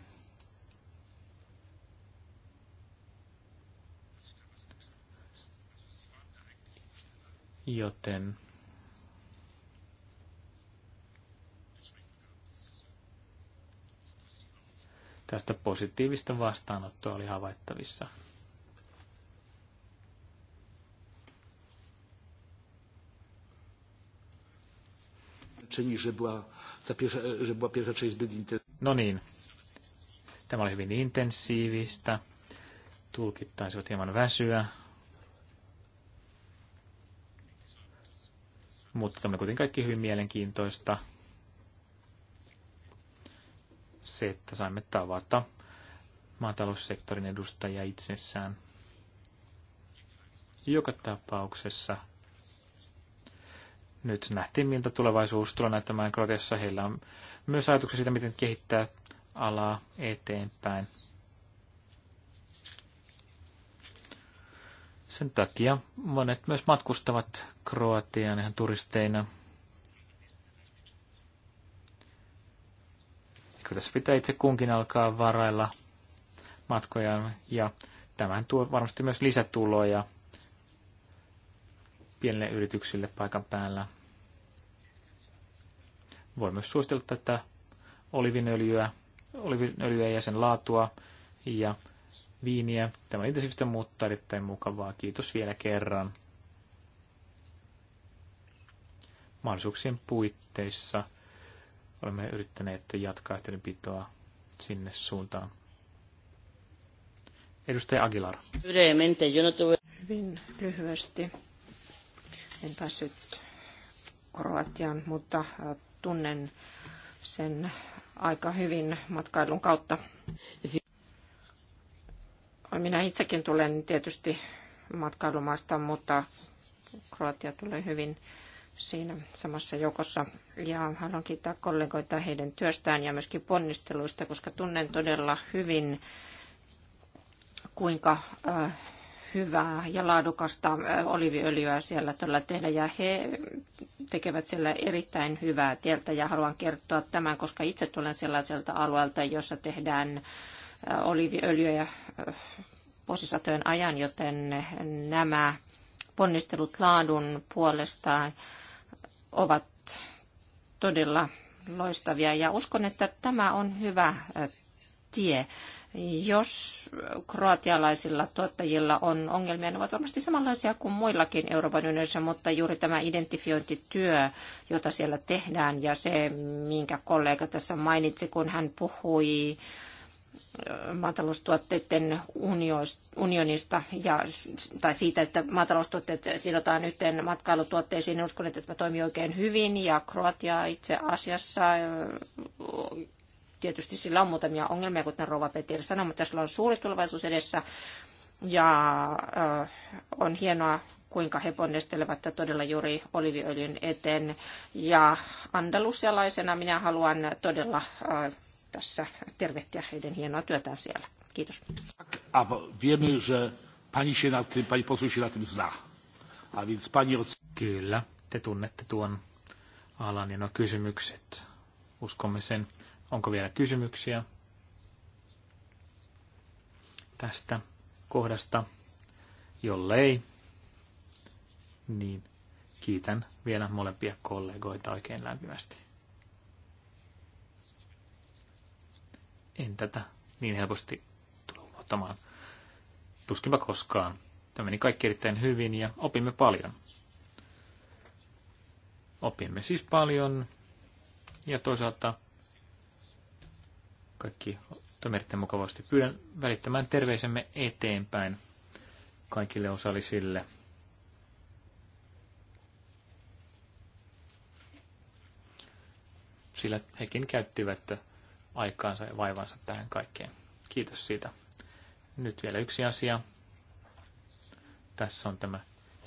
Joten tästä positiivista vastaanottoa oli havaittavissa. czyni, że była, ta pierwsza, że była pierwsza część zbyt intensywna. No niin, tämä oli hyvin intensiivistä. tulkittaisi taisivat hieman väsyä. Mutta tämä kuitenkin kaikki hyvin mielenkiintoista. Se, että saimme tavata maataloussektorin edustajia itsessään. Joka tapauksessa nyt nähtiin, miltä tulevaisuus tulee näyttämään Kroatiassa. Heillä on myös ajatuksia siitä, miten kehittää alaa eteenpäin. Sen takia monet myös matkustavat Kroatiaan ihan turisteina. Eikö tässä pitää itse kunkin alkaa varailla matkojaan ja tämähän tuo varmasti myös lisätuloja pienille yrityksille paikan päällä. Voi myös suositella tätä olivinöljyä, olivinöljyä ja sen laatua ja viiniä. Tämä on intensiivistä, mutta erittäin mukavaa. Kiitos vielä kerran. Mahdollisuuksien puitteissa olemme yrittäneet jatkaa yhteydenpitoa sinne suuntaan. Edustaja Aguilar. No Hyvin lyhyesti. En päässyt Kroatiaan, mutta tunnen sen aika hyvin matkailun kautta. Minä itsekin tulen tietysti matkailumaasta, mutta Kroatia tulee hyvin siinä samassa joukossa. Ja haluan kiittää kollegoita heidän työstään ja myöskin ponnisteluista, koska tunnen todella hyvin, kuinka äh, hyvää ja laadukasta oliviöljyä siellä tällä tehdä ja he tekevät siellä erittäin hyvää tieltä ja haluan kertoa tämän, koska itse tulen sellaiselta alueelta, jossa tehdään oliviöljyä vuosisatojen ajan, joten nämä ponnistelut laadun puolesta ovat todella loistavia ja uskon, että tämä on hyvä tie jos kroatialaisilla tuottajilla on ongelmia, ne ovat varmasti samanlaisia kuin muillakin Euroopan unionissa, mutta juuri tämä identifiointityö, jota siellä tehdään ja se, minkä kollega tässä mainitsi, kun hän puhui maataloustuotteiden unionista ja, tai siitä, että maataloustuotteet sidotaan yhteen matkailutuotteisiin. Niin uskon, että tämä toimii oikein hyvin ja Kroatia itse asiassa tietysti sillä on muutamia ongelmia, kuten Rova Petir sanoi, mutta sillä on suuri tulevaisuus edessä. Ja äh, on hienoa, kuinka he ponnistelevat todella juuri oliviöljyn eteen. Ja andalusialaisena minä haluan todella äh, tässä tervehtiä heidän hienoa työtään siellä. Kiitos. Wiemy, że pani się na tym, pani poseł się na tym zna. A więc pani Kyllä, te tunnette tuon alan ja no kysymykset. Uskomme sen. Onko vielä kysymyksiä tästä kohdasta? Jollei, niin kiitän vielä molempia kollegoita oikein lämpimästi. En tätä niin helposti tule unohtamaan. Tuskinpa koskaan. Tämä meni kaikki erittäin hyvin ja opimme paljon. Opimme siis paljon ja toisaalta kaikki toimitte mukavasti. Pyydän välittämään terveisemme eteenpäin kaikille osallisille. Sillä hekin käyttivät aikaansa ja vaivansa tähän kaikkeen. Kiitos siitä. Nyt vielä yksi asia. Tässä on tämä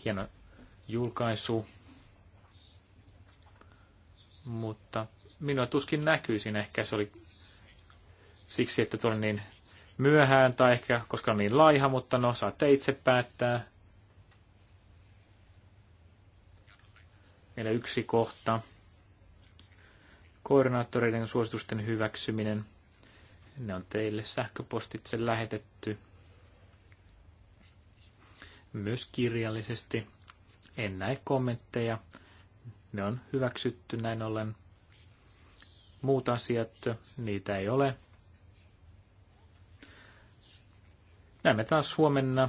hieno julkaisu. Mutta minua tuskin näkyy siinä. Ehkä se oli siksi, että tulen niin myöhään tai ehkä koska on niin laiha, mutta no saatte itse päättää. Meillä yksi kohta. Koordinaattoreiden suositusten hyväksyminen. Ne on teille sähköpostitse lähetetty. Myös kirjallisesti. En näe kommentteja. Ne on hyväksytty näin ollen. Muut asiat, niitä ei ole. Näemme taas huomenna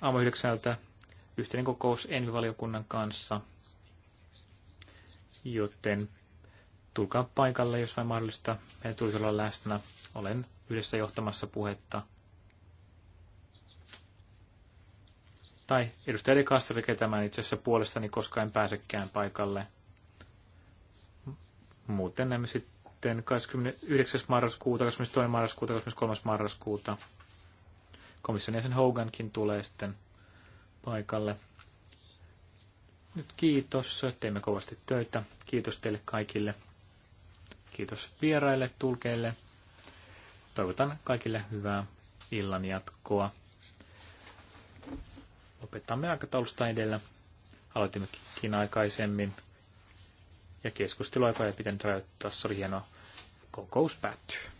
aamu yhdeksältä yhteinen kokous Envivaliokunnan kanssa, joten tulkaa paikalle, jos vain mahdollista. Meidän tulisi olla läsnä. Olen yhdessä johtamassa puhetta. Tai edustaja Dekasta tekee tämän itse asiassa puolestani, koska en pääsekään paikalle. Muuten näemme sitten 29. marraskuuta, 22. marraskuuta, 23. marraskuuta. Komission jäsen Hogankin tulee sitten paikalle. Nyt kiitos, teimme kovasti töitä. Kiitos teille kaikille. Kiitos vieraille, tulkeille. Toivotan kaikille hyvää illan jatkoa. Lopetamme aikataulusta edellä. Aloitimmekin aikaisemmin. Ja keskustelua ei pitänyt rajoittaa. Se oli hienoa. Kokous päättyy.